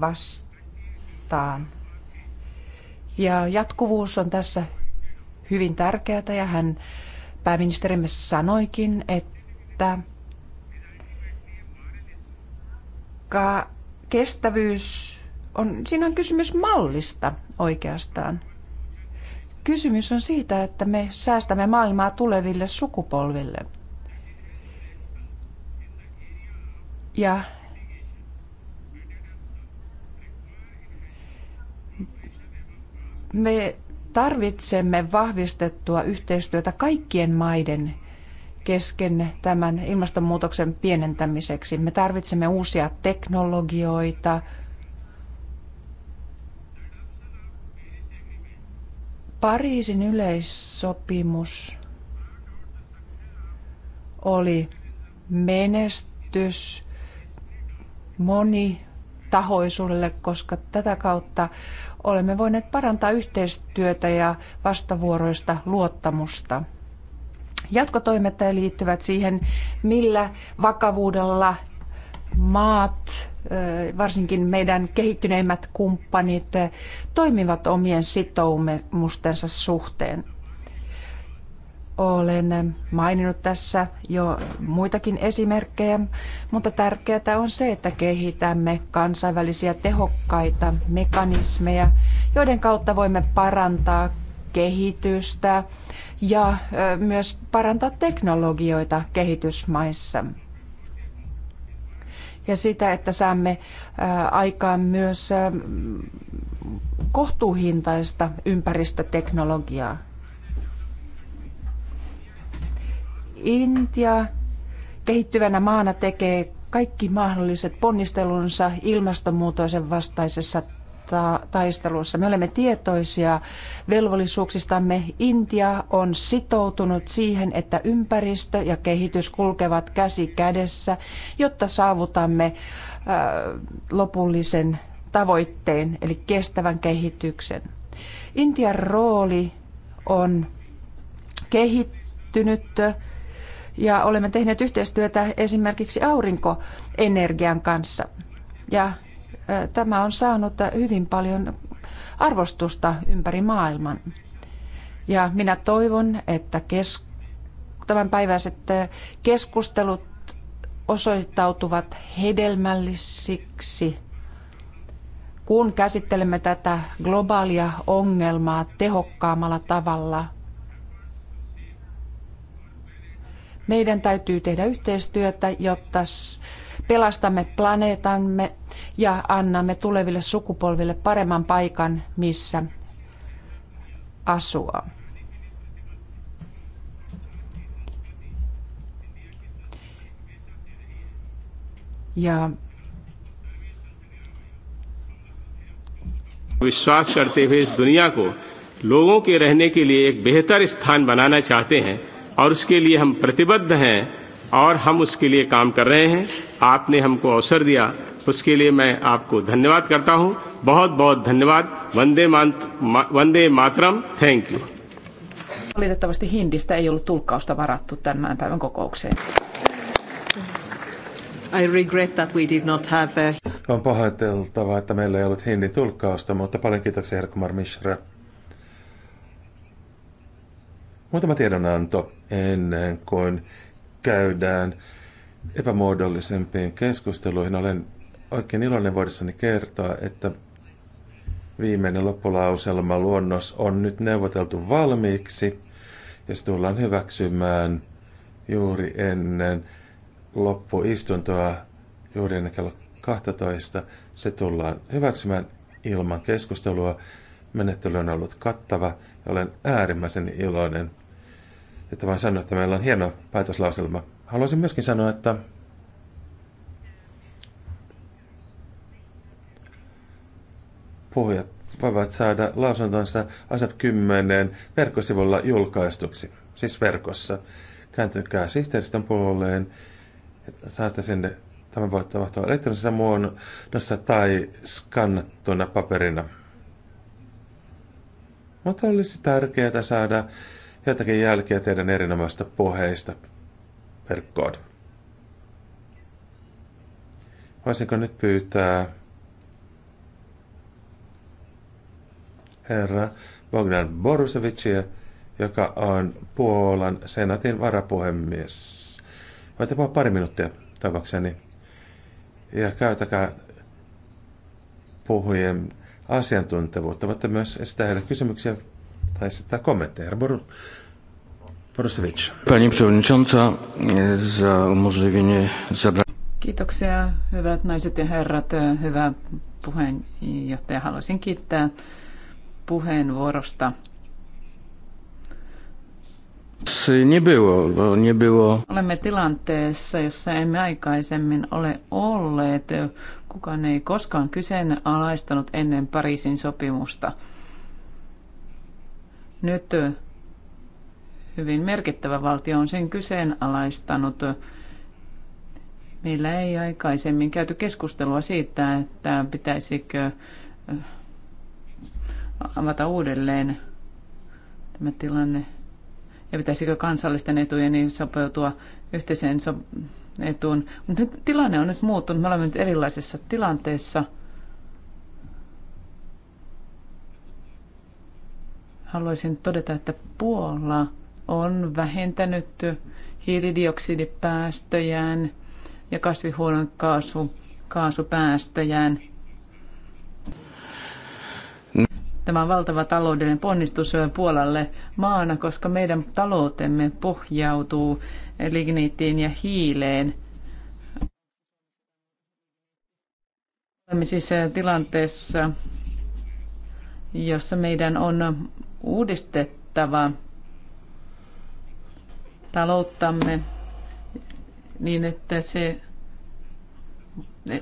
vastaan. Ja jatkuvuus on tässä hyvin tärkeää ja hän pääministerimme sanoikin, että kestävyys on, siinä on kysymys mallista oikeastaan. Kysymys on siitä, että me säästämme maailmaa tuleville sukupolville – Ja me tarvitsemme vahvistettua yhteistyötä kaikkien maiden kesken tämän ilmastonmuutoksen pienentämiseksi. Me tarvitsemme uusia teknologioita, Pariisin yleissopimus oli menestys monitahoisuudelle, koska tätä kautta olemme voineet parantaa yhteistyötä ja vastavuoroista luottamusta. Jatkotoimet liittyvät siihen, millä vakavuudella maat, varsinkin meidän kehittyneimmät kumppanit, toimivat omien sitoumustensa suhteen. Olen maininnut tässä jo muitakin esimerkkejä, mutta tärkeää on se, että kehitämme kansainvälisiä tehokkaita mekanismeja, joiden kautta voimme parantaa kehitystä ja myös parantaa teknologioita kehitysmaissa. Ja sitä, että saamme aikaan myös kohtuuhintaista ympäristöteknologiaa Intia kehittyvänä maana tekee kaikki mahdolliset ponnistelunsa ilmastonmuutoisen vastaisessa ta- taistelussa. Me olemme tietoisia velvollisuuksistamme. Intia on sitoutunut siihen, että ympäristö ja kehitys kulkevat käsi kädessä, jotta saavutamme ö, lopullisen tavoitteen, eli kestävän kehityksen. Intian rooli on kehittynyt ja olemme tehneet yhteistyötä esimerkiksi aurinkoenergian kanssa. Ja tämä on saanut hyvin paljon arvostusta ympäri maailman. Ja minä toivon, että kes- tämänpäiväiset keskustelut osoittautuvat hedelmällisiksi, kun käsittelemme tätä globaalia ongelmaa tehokkaammalla tavalla – Meidän täytyy tehdä yhteistyötä, jotta pelastamme planeetamme ja annamme tuleville sukupolville paremman paikan, missä asua. Ja विश्वास करते हुए इस दुनिया को लोगों के रहने के लिए एक बेहतर स्थान बनाना चाहते हैं और उसके लिए हम प्रतिबद्ध हैं और हम उसके लिए काम कर रहे हैं आपने हमको अवसर दिया उसके लिए मैं आपको धन्यवाद करता हूं बहुत बहुत धन्यवाद वंदे मात, मा, वंदे मातरम thank you Valitettavasti hindistä ei ollut tulkkausta varattu tämän päivän kokoukseen. I regret that we did not have a... On pahoiteltava, että meillä ei ollut hindi tulkkausta, mutta paljon kiitoksia Herkumar Mishra. Muutama tiedonanto ennen kuin käydään epämuodollisempiin keskusteluihin. Olen oikein iloinen voidessani kertoa, että viimeinen loppulauselma luonnos on nyt neuvoteltu valmiiksi ja se tullaan hyväksymään juuri ennen loppuistuntoa, juuri ennen kello 12. Se tullaan hyväksymään ilman keskustelua. Menettely on ollut kattava ja olen äärimmäisen iloinen että vaan sanoa, että meillä on hieno päätöslauselma. Haluaisin myöskin sanoa, että puhujat voivat saada lausuntonsa ASAP 10 verkkosivulla julkaistuksi, siis verkossa. Kääntykää sihteeristön puoleen, että saatte sinne tämän voi tapahtua elektronisessa muodossa tai skannattuna paperina. Mutta olisi tärkeää saada jotakin jälkeä teidän erinomaista puheista, Perkkoon. Voisinko nyt pyytää herra Bogdan Borusevicia, joka on Puolan senaatin varapuhemies. Voitte puhua pari minuuttia tavakseni. Ja käytäkää puhujien asiantuntevuutta, mutta myös esittää heille kysymyksiä esittää kommentteja. Borusevich. Pani przewodnicząca, za umożliwienie zabrania. Kiitoksia, hyvät naiset ja herrat. Hyvä puheenjohtaja. Haluaisin kiittää puheenvuorosta. Nie było, bo nie było. Olemme tilanteessa, jossa emme aikaisemmin ole olleet. Kukaan ei koskaan kyseenalaistanut ennen Pariisin sopimusta – nyt hyvin merkittävä valtio on sen kyseenalaistanut. Meillä ei aikaisemmin käyty keskustelua siitä, että pitäisikö äh, avata uudelleen tämä tilanne ja pitäisikö kansallisten etujen niin sopeutua yhteiseen so- etuun. Mutta nyt tilanne on nyt muuttunut. Me olemme nyt erilaisessa tilanteessa – haluaisin todeta, että Puola on vähentänyt hiilidioksidipäästöjään ja kasvihuollon kaasu, kaasupäästöjään. Tämä on valtava taloudellinen ponnistus Puolalle maana, koska meidän taloutemme pohjautuu ligniittiin ja hiileen. Olemme siis tilanteessa, jossa meidän on uudistettava talouttamme niin, että, se,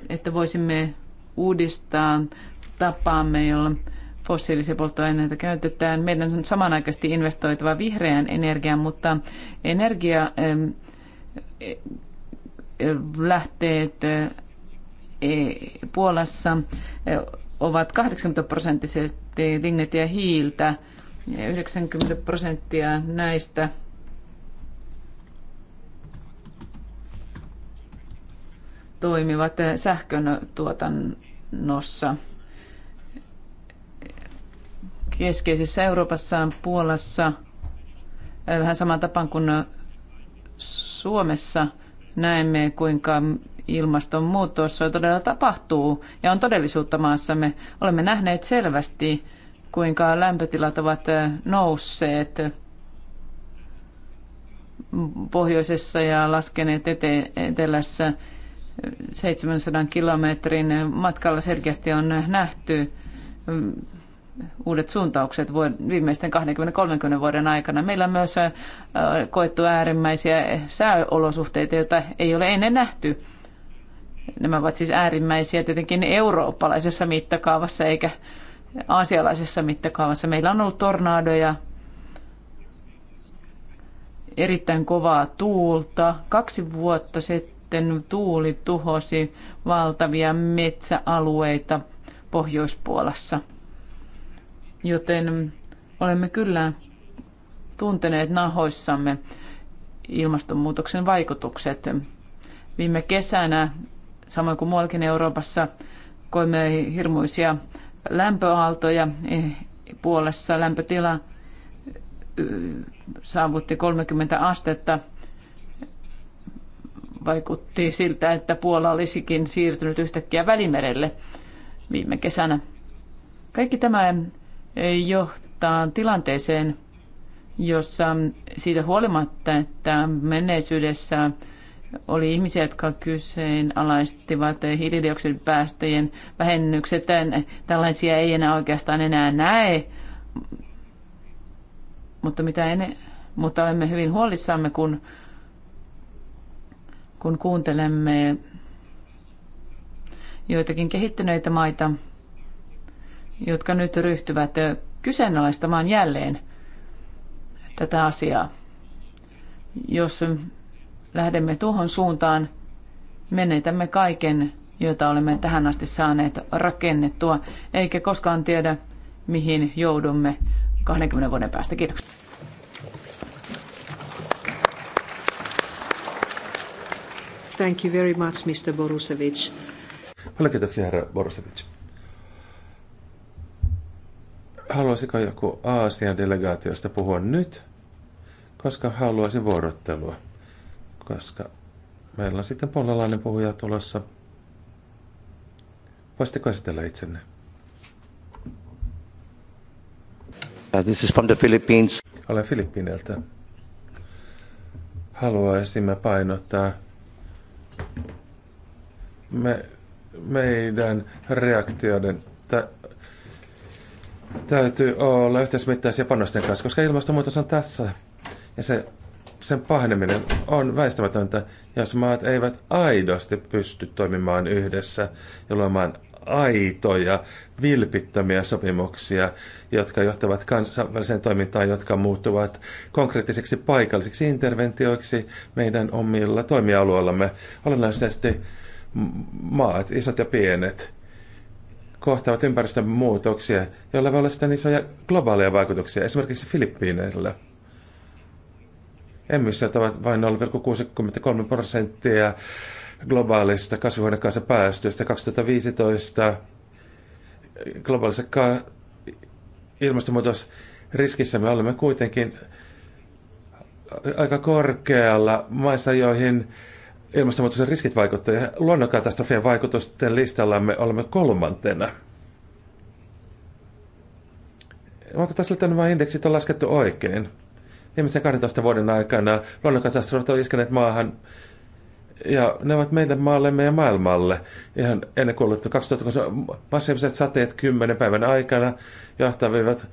että voisimme uudistaa tapaamme, jolla fossiilisia polttoaineita käytetään. Meidän on samanaikaisesti investoitava vihreään energiaan, mutta energia lähteet e, Puolassa ovat 80 prosenttisesti lignetiä hiiltä. ja 90 prosenttia näistä toimivat sähkön tuotannossa. Keskeisessä Euroopassa, Puolassa, vähän saman tapaan kuin Suomessa, näemme kuinka ilmastonmuutos todella tapahtuu ja on todellisuutta maassamme. Olemme nähneet selvästi, kuinka lämpötilat ovat nousseet pohjoisessa ja laskeneet ete- etelässä 700 kilometrin matkalla selkeästi on nähty uudet suuntaukset viimeisten 20-30 vuoden aikana. Meillä on myös koettu äärimmäisiä sääolosuhteita, joita ei ole ennen nähty. Nämä ovat siis äärimmäisiä tietenkin eurooppalaisessa mittakaavassa eikä aasialaisessa mittakaavassa. Meillä on ollut tornadoja, erittäin kovaa tuulta. Kaksi vuotta sitten tuuli tuhosi valtavia metsäalueita Pohjoispuolassa. Joten olemme kyllä tunteneet nahoissamme ilmastonmuutoksen vaikutukset. Viime kesänä samoin kuin muuallakin Euroopassa, koimme hirmuisia lämpöaaltoja. Eh, puolessa lämpötila saavutti 30 astetta. Vaikutti siltä, että Puola olisikin siirtynyt yhtäkkiä Välimerelle viime kesänä. Kaikki tämä eh, johtaa tilanteeseen, jossa siitä huolimatta, että menneisyydessä oli ihmisiä, jotka kyseenalaistivat hiilidioksidipäästöjen vähennykset. Tällaisia ei enää oikeastaan enää näe, mutta, mitä en, mutta olemme hyvin huolissamme, kun, kun kuuntelemme joitakin kehittyneitä maita, jotka nyt ryhtyvät kyseenalaistamaan jälleen tätä asiaa. Jos lähdemme tuohon suuntaan, menetämme kaiken, jota olemme tähän asti saaneet rakennettua, eikä koskaan tiedä, mihin joudumme 20 vuoden päästä. Kiitoksia. Thank you very much, Mr. Borusevic. Paljon kiitoksia, herra Borusevic. Haluaisiko joku Aasian delegaatiosta puhua nyt, koska haluaisin vuorottelua? koska meillä on sitten puolalainen puhuja tulossa. Voisitteko esitellä itsenne? Uh, this is from the Philippines. Olen Filippiineiltä. Haluaisimme painottaa me, meidän reaktioiden tä, täytyy olla yhteismittaisia panosten kanssa, koska ilmastonmuutos on tässä. Ja se sen paheneminen on väistämätöntä, jos maat eivät aidosti pysty toimimaan yhdessä ja luomaan aitoja, vilpittömiä sopimuksia, jotka johtavat kansainväliseen toimintaan, jotka muuttuvat konkreettiseksi paikallisiksi interventioiksi meidän omilla toimialueillamme. Olennaisesti maat, isot ja pienet, kohtaavat ympäristön muutoksia, joilla voi olla sitten isoja globaaleja vaikutuksia, esimerkiksi Filippiineillä – Emissiot ovat vain 0,63 prosenttia globaalista kasvihuonekaasupäästöistä. 2015 globaalissa ka- ilmastonmuutosriskissä me olemme kuitenkin aika korkealla maissa, joihin ilmastonmuutoksen riskit vaikuttavat. Ja luonnonkatastrofien vaikutusten me olemme kolmantena. Onko tässä nämä indeksit on laskettu oikein? viimeisen 12 vuoden aikana luonnonkatastrofit ovat iskeneet maahan ja ne ovat meidän maallemme ja maailmalle. Ihan ennen kuuluttu 2000 massiiviset sateet 10 päivän aikana johtavivat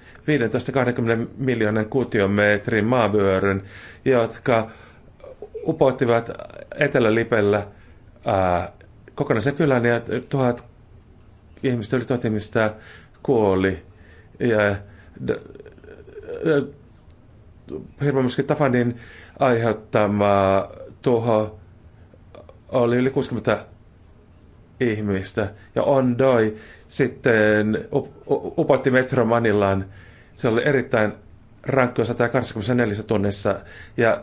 15-20 miljoonan kuutiometrin maavyöryn, jotka upottivat etelälipellä kokonaisen kylän ja tuhat ihmistä, yli tuhat ihmistä kuoli. Ja, d- Hirmo myöskin Tafanin aiheuttama tuho oli yli 60 ihmistä. Ja Ondoi sitten up- up- upotti Metro Manilan. Se oli erittäin rankkoja 184 tunnissa ja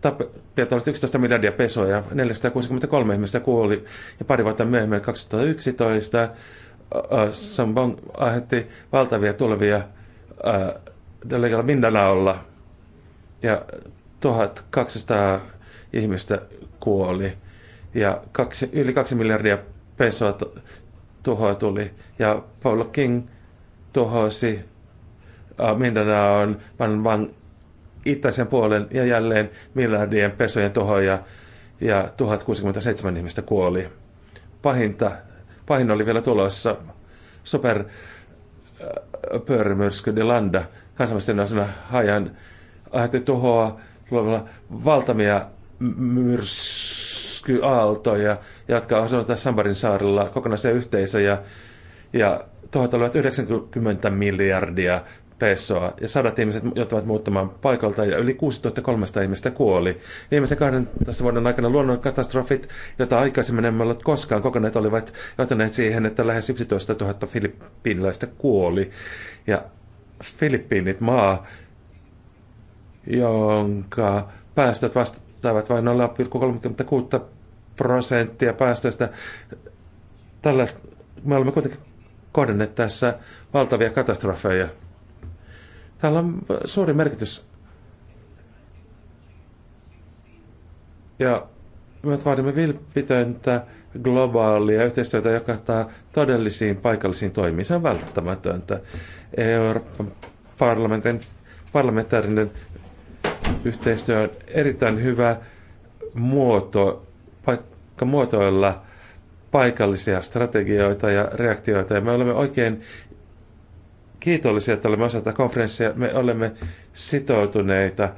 tappiat oli 11 miljardia pesoa ja 463 ihmistä kuoli. Ja pari vuotta myöhemmin 2011 Sambong aiheutti valtavia tulvia äh, Delegalla Mindanaolla ja 1200 ihmistä kuoli ja kaksi, yli kaksi miljardia pesoa tuhoa tuli. Ja Paul King tuhosi äh, Mindanaon van, van itäisen puolen ja jälleen miljardien pesojen tuhoja ja 1067 ihmistä kuoli. Pahinta, pahin oli vielä tulossa super äh, pyörimyrsky Delanda, kansainvälisten osana hajan aiheutti tuhoa tulevilla valtavia myrskyaaltoja, jotka asuivat Sambarin saarella kokonaisia yhteisöjä. Ja tuhot olivat 90 miljardia pesoa ja sadat ihmiset joutuvat muuttamaan paikalta ja yli 6300 ihmistä kuoli. Viimeisen 12 vuoden aikana luonnonkatastrofit, joita aikaisemmin emme ole koskaan kokoneet, olivat johtaneet siihen, että lähes 11 000 filippiiniläistä kuoli. Ja Filippiinit maa, jonka päästöt vastaavat vain 0,36 prosenttia päästöistä. Tällaista, me olemme kuitenkin kohdanneet tässä valtavia katastrofeja. Täällä on suuri merkitys. Ja me vaadimme vilpitöntä globaalia yhteistyötä, joka johtaa todellisiin paikallisiin toimiin. Se on välttämätöntä. Euroopan parlamentin parlamentaarinen yhteistyö on erittäin hyvä muoto, paikka muotoilla paikallisia strategioita ja reaktioita. Ja me olemme oikein kiitollisia, että olemme osa tätä konferenssia. Me olemme sitoutuneita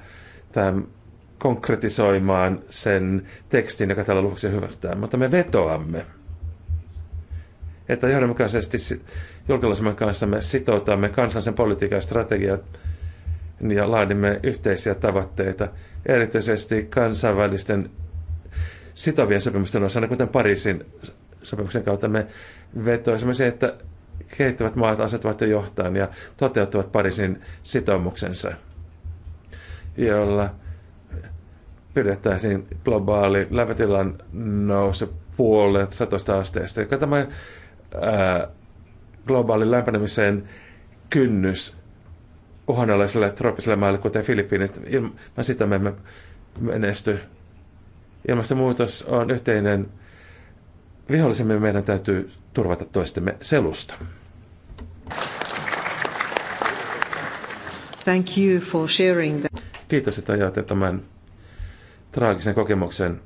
tämän konkretisoimaan sen tekstin, joka täällä luvuksi hyvästään. Mutta me vetoamme, että johdonmukaisesti julkilaisemman kanssa me sitoutamme kansallisen politiikan ja strategian ja laadimme yhteisiä tavoitteita, erityisesti kansainvälisten sitovien sopimusten osana, niin kuten Pariisin sopimuksen kautta me vetoisimme siihen, että kehittyvät maat asettavat jo johtaan ja toteuttavat Pariisin sitoumuksensa, jolla pidettäisiin globaali lämpötilan nousu puolet satoista asteesta, joka tämä ää, globaali lämpenemisen kynnys uhanalaiselle trooppiselle maille, kuten Filippiinit, ilman no sitä me emme menesty. Ilmastonmuutos on yhteinen vihollisemme, meidän täytyy turvata toistemme selusta. Thank you for sharing that. Kiitos, että jaatte tämän traagisen kokemuksen,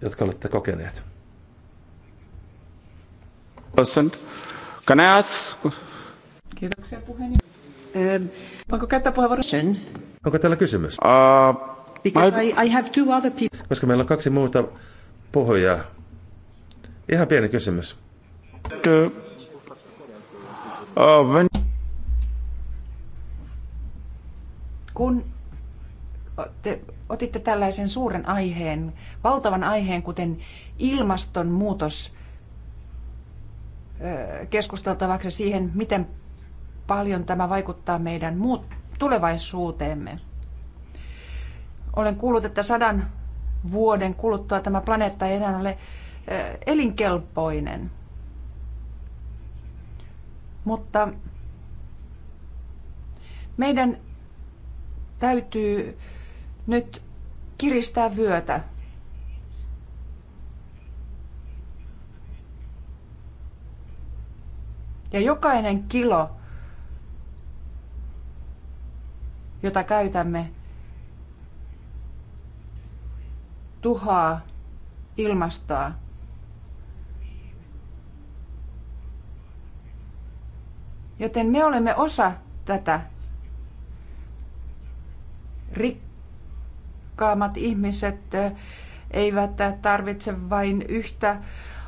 jotka olette kokeneet. Kiitoksia puheenjohtaja. Um, Voinko käyttää puheenvuoron? Onko täällä kysymys? Uh, I, I have two other people. Koska meillä on kaksi muuta puhujaa. Ihan pieni kysymys. Uh, when... Kun te otitte tällaisen suuren aiheen, valtavan aiheen, kuten ilmastonmuutos, keskusteltavaksi siihen, miten paljon tämä vaikuttaa meidän muut tulevaisuuteemme. Olen kuullut, että sadan vuoden kuluttua tämä planeetta ei enää ole eh, elinkelpoinen. Mutta meidän täytyy nyt kiristää vyötä. Ja jokainen kilo jota käytämme, tuhaa ilmastoa. Joten me olemme osa tätä. Rikkaamat ihmiset eivät tarvitse vain yhtä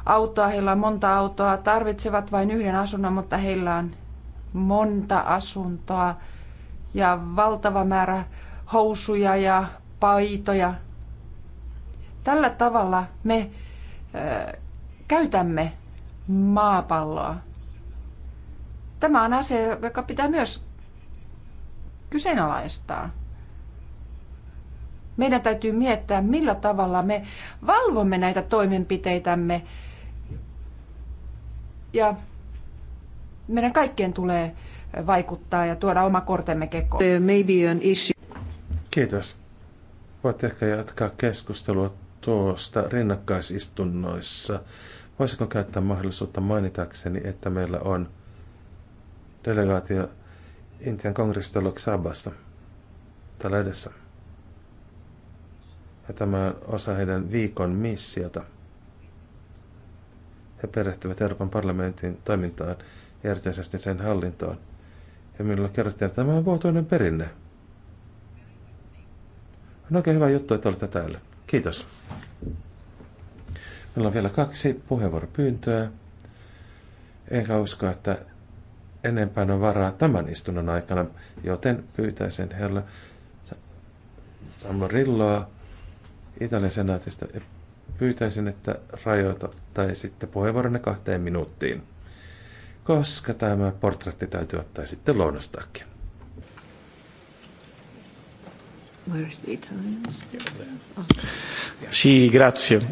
autoa, heillä on monta autoa, tarvitsevat vain yhden asunnon, mutta heillä on monta asuntoa ja valtava määrä housuja ja paitoja. Tällä tavalla me ö, käytämme maapalloa. Tämä on asia, joka pitää myös kyseenalaistaa. Meidän täytyy miettiä, millä tavalla me valvomme näitä toimenpiteitämme. Ja meidän kaikkien tulee vaikuttaa ja tuoda oma kortemme kekoon. Maybe an issue. Kiitos. Voit ehkä jatkaa keskustelua tuosta rinnakkaisistunnoissa. Voisiko käyttää mahdollisuutta mainitakseni, että meillä on delegaatio Intian kongressista Loksaabasta täällä edessä. Ja tämä on osa heidän viikon missiota. He perehtyvät Euroopan parlamentin toimintaan ja erityisesti sen hallintoon. Ja minulla kerrottiin, että tämä on vuotuinen perinne. On no oikein hyvä juttu, että olette täällä. Kiitos. Meillä on vielä kaksi puheenvuoropyyntöä. Enkä usko, että enempää on varaa tämän istunnon aikana, joten pyytäisin herra Samorilloa Italian senaatista pyytäisin, että tai sitten puheenvuoronne kahteen minuuttiin koska tämä portretti täytyy ottaa sitten lounastaakin. Si, the grazie.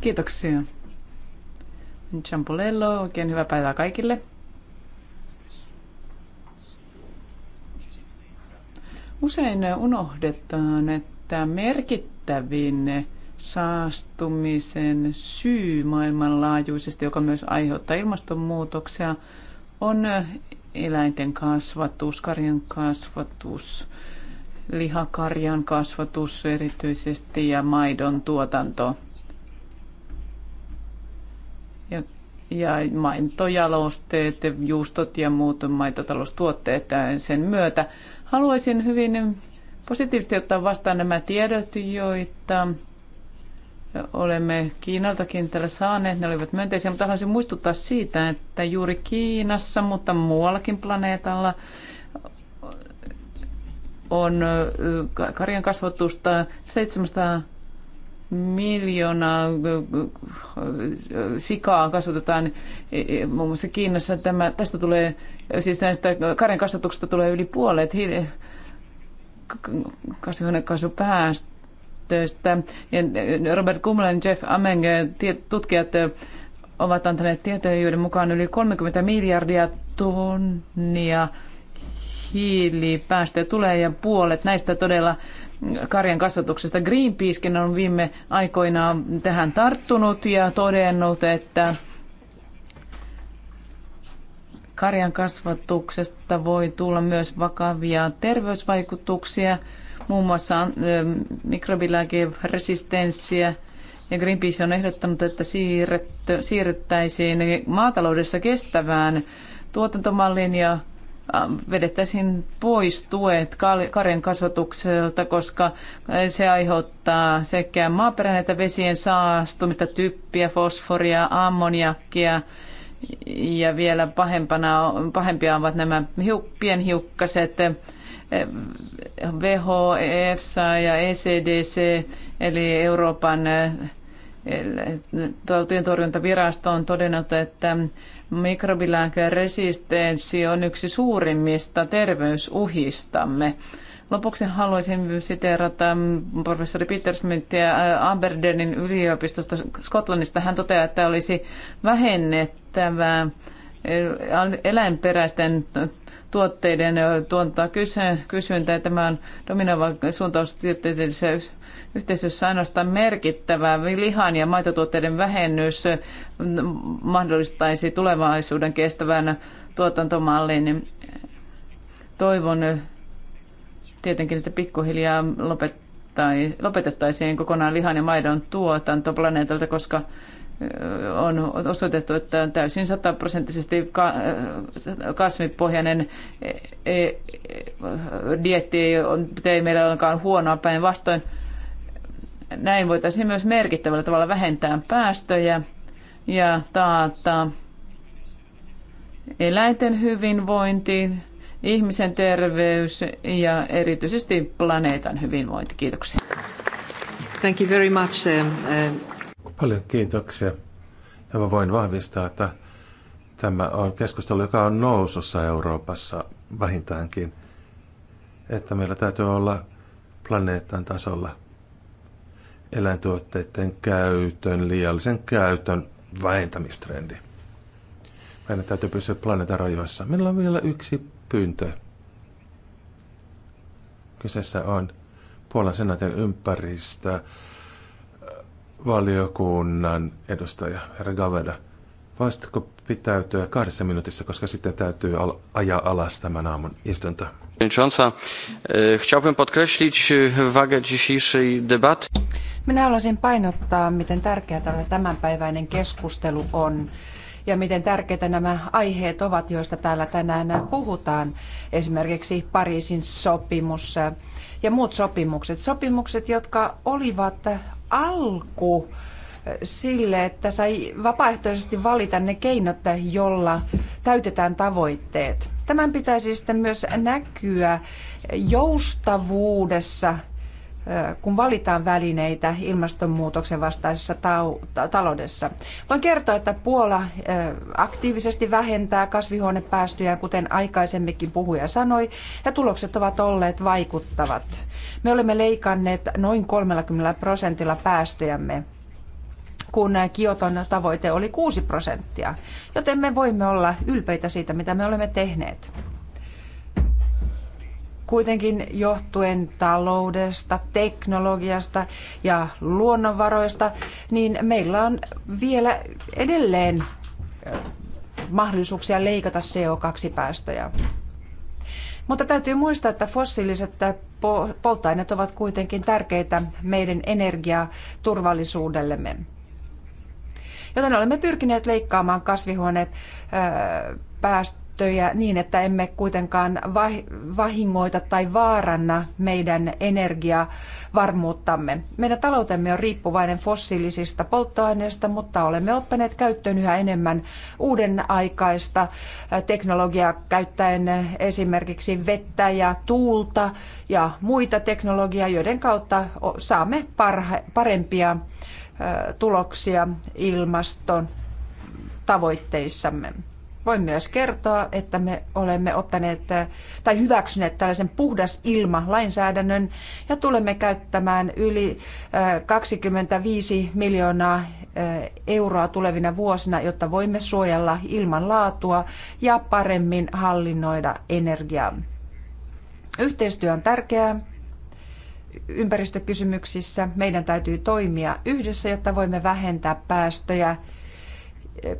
Kiitoksia. Ciampolello, oikein hyvää päivää kaikille. Usein unohdetaan, että merkittävin saastumisen syy maailmanlaajuisesti, joka myös aiheuttaa ilmastonmuutoksia, on eläinten kasvatus, karjan kasvatus, lihakarjan kasvatus erityisesti ja maidon tuotanto. Ja, ja maitojalosteet, juustot ja muut maitotaloustuotteet sen myötä. Haluaisin hyvin positiivisesti ottaa vastaan nämä tiedot, joita olemme Kiinaltakin täällä saaneet. Ne olivat myönteisiä, mutta haluaisin muistuttaa siitä, että juuri Kiinassa, mutta muuallakin planeetalla on karjan kasvatusta 700 miljoonaa sikaa kasvatetaan e, e, muun muassa Kiinassa. Tämä, tästä tulee, siis näistä karjan kasvatuksesta tulee yli puolet kasvihuonekaasupäästöjä käytöstä. Robert Kumlan Jeff Ameng tutkijat ovat antaneet tietoja, joiden mukaan yli 30 miljardia tonnia hiilipäästöjä tulee ja puolet näistä todella karjan kasvatuksesta. Greenpeacekin on viime aikoina tähän tarttunut ja todennut, että karjan kasvatuksesta voi tulla myös vakavia terveysvaikutuksia – muun muassa ähm, mikrobilääkeresistenssiä. Ja Greenpeace on ehdottanut, että siirretty, siirryttäisiin maataloudessa kestävään tuotantomalliin ja ähm, vedettäisiin pois tuet karjan kasvatukselta, koska äh, se aiheuttaa sekä maaperän että vesien saastumista, typpiä, fosforia, ammoniakkia ja vielä pahempana, pahempia ovat nämä hiuk- pienhiukkaset WHO, ja ECDC, eli Euroopan tautien eh, torjuntavirasto on todennut, että mikrobilääke-resistenssi on yksi suurimmista terveysuhistamme. Lopuksi haluaisin siteerata mm, professori Peter Smithia eh, Aberdeenin yliopistosta Skotlannista. Hän toteaa, että olisi vähennettävä eh, eläinperäisten tuotteiden tuontaa kysyntää. Tämä on dominoiva suuntaus tieteellisessä yhteisössä ainoastaan merkittävä lihan ja maitotuotteiden vähennys mahdollistaisi tulevaisuuden kestävän tuotantomallin. Toivon tietenkin, että pikkuhiljaa lopetettaisiin kokonaan lihan ja maidon tuotanto planeetalta, koska on osoitettu, että on täysin sataprosenttisesti kasvipohjainen e, e, dietti ei, on, meillä olekaan huonoa päinvastoin. Näin voitaisiin myös merkittävällä tavalla vähentää päästöjä ja taata eläinten hyvinvointi, ihmisen terveys ja erityisesti planeetan hyvinvointi. Kiitoksia. Thank you very much. Um, uh, uh... Paljon kiitoksia. Ja mä voin vahvistaa, että tämä on keskustelu, joka on nousussa Euroopassa vähintäänkin. Että meillä täytyy olla planeetan tasolla eläintuotteiden käytön, liiallisen käytön vähentämistrendi. Meidän täytyy pysyä planeetan rajoissa. Meillä on vielä yksi pyyntö. Kyseessä on Puolan senaatin ympäristö valiokunnan edustaja, herra Gaveda, voisitko pitäytyä kahdessa minuutissa, koska sitten täytyy al- ajaa alas tämän aamun istunto. E, chciałbym podkreślić e, dzisiejszej Minä haluaisin painottaa, miten tärkeä tämä tämänpäiväinen keskustelu on ja miten tärkeitä nämä aiheet ovat, joista täällä tänään puhutaan. Esimerkiksi Pariisin sopimus ja muut sopimukset. Sopimukset, jotka olivat alku sille, että sai vapaaehtoisesti valita ne keinot, jolla täytetään tavoitteet. Tämän pitäisi sitten myös näkyä joustavuudessa kun valitaan välineitä ilmastonmuutoksen vastaisessa taloudessa. Voin kertoa, että Puola aktiivisesti vähentää kasvihuonepäästöjä, kuten aikaisemminkin puhuja sanoi, ja tulokset ovat olleet vaikuttavat. Me olemme leikanneet noin 30 prosentilla päästöjämme kun Kioton tavoite oli 6 prosenttia, joten me voimme olla ylpeitä siitä, mitä me olemme tehneet. Kuitenkin johtuen taloudesta, teknologiasta ja luonnonvaroista, niin meillä on vielä edelleen mahdollisuuksia leikata CO2-päästöjä. Mutta täytyy muistaa, että fossiiliset polttoaineet ovat kuitenkin tärkeitä meidän energiaturvallisuudellemme. Joten olemme pyrkineet leikkaamaan kasvihuonepäästöjä käyttöjä niin, että emme kuitenkaan vahingoita tai vaaranna meidän energiavarmuuttamme. Meidän taloutemme on riippuvainen fossiilisista polttoaineista, mutta olemme ottaneet käyttöön yhä enemmän uuden aikaista teknologiaa käyttäen esimerkiksi vettä ja tuulta ja muita teknologiaa, joiden kautta saamme parempia tuloksia ilmaston tavoitteissamme. Voin myös kertoa, että me olemme ottaneet tai hyväksyneet tällaisen puhdas ilma lainsäädännön ja tulemme käyttämään yli 25 miljoonaa euroa tulevina vuosina, jotta voimme suojella ilmanlaatua ja paremmin hallinnoida energiaa. Yhteistyö on tärkeää ympäristökysymyksissä. Meidän täytyy toimia yhdessä, jotta voimme vähentää päästöjä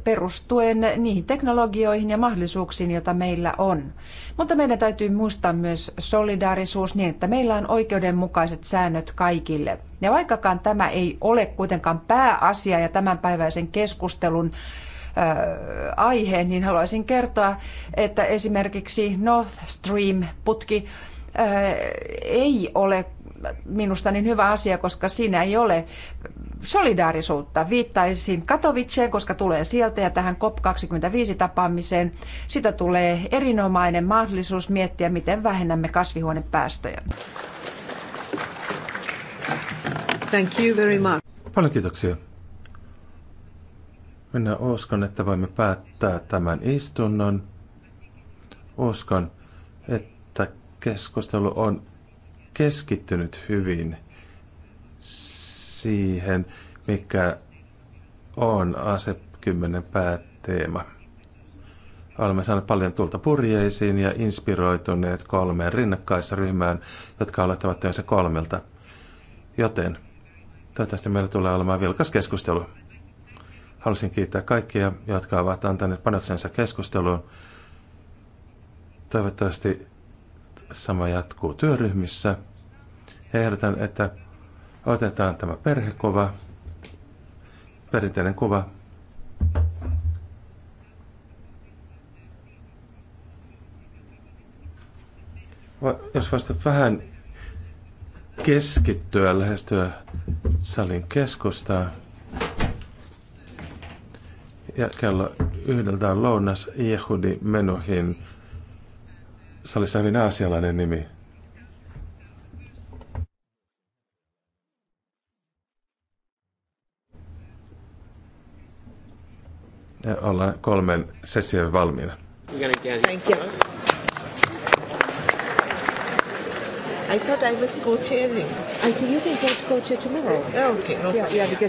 perustuen niihin teknologioihin ja mahdollisuuksiin, joita meillä on. Mutta meidän täytyy muistaa myös solidaarisuus niin, että meillä on oikeudenmukaiset säännöt kaikille. Ja vaikkakaan tämä ei ole kuitenkaan pääasia ja tämänpäiväisen keskustelun aiheen, niin haluaisin kertoa, että esimerkiksi North Stream-putki ei ole minusta niin hyvä asia, koska siinä ei ole solidaarisuutta. Viittaisin Katowiceen, koska tulee sieltä ja tähän COP25-tapaamiseen. Sitä tulee erinomainen mahdollisuus miettiä, miten vähennämme kasvihuonepäästöjä. Thank you very much. Paljon kiitoksia. Minä uskon, että voimme päättää tämän istunnon. Uskon, että keskustelu on keskittynyt hyvin siihen, mikä on ASEP 10 pääteema. Olemme saaneet paljon tulta purjeisiin ja inspiroituneet kolmeen rinnakkaisryhmään, jotka aloittavat työnsä kolmelta. Joten toivottavasti meillä tulee olemaan vilkas keskustelu. Haluaisin kiittää kaikkia, jotka ovat antaneet panoksensa keskusteluun. Toivottavasti Sama jatkuu työryhmissä. ehdotan, että otetaan tämä perhekuva, perinteinen kuva, jos vastaat vähän keskittyä, lähestyä salin keskustaa. Ja kello yhdeltä on lounas Jehudi Menuhin salissa hyvin aasialainen nimi. Ja ollaan kolmen session valmiina. Thank you. I thought I was co-chairing. I think you can get co-chair tomorrow. Oh, okay, no yeah, yeah, because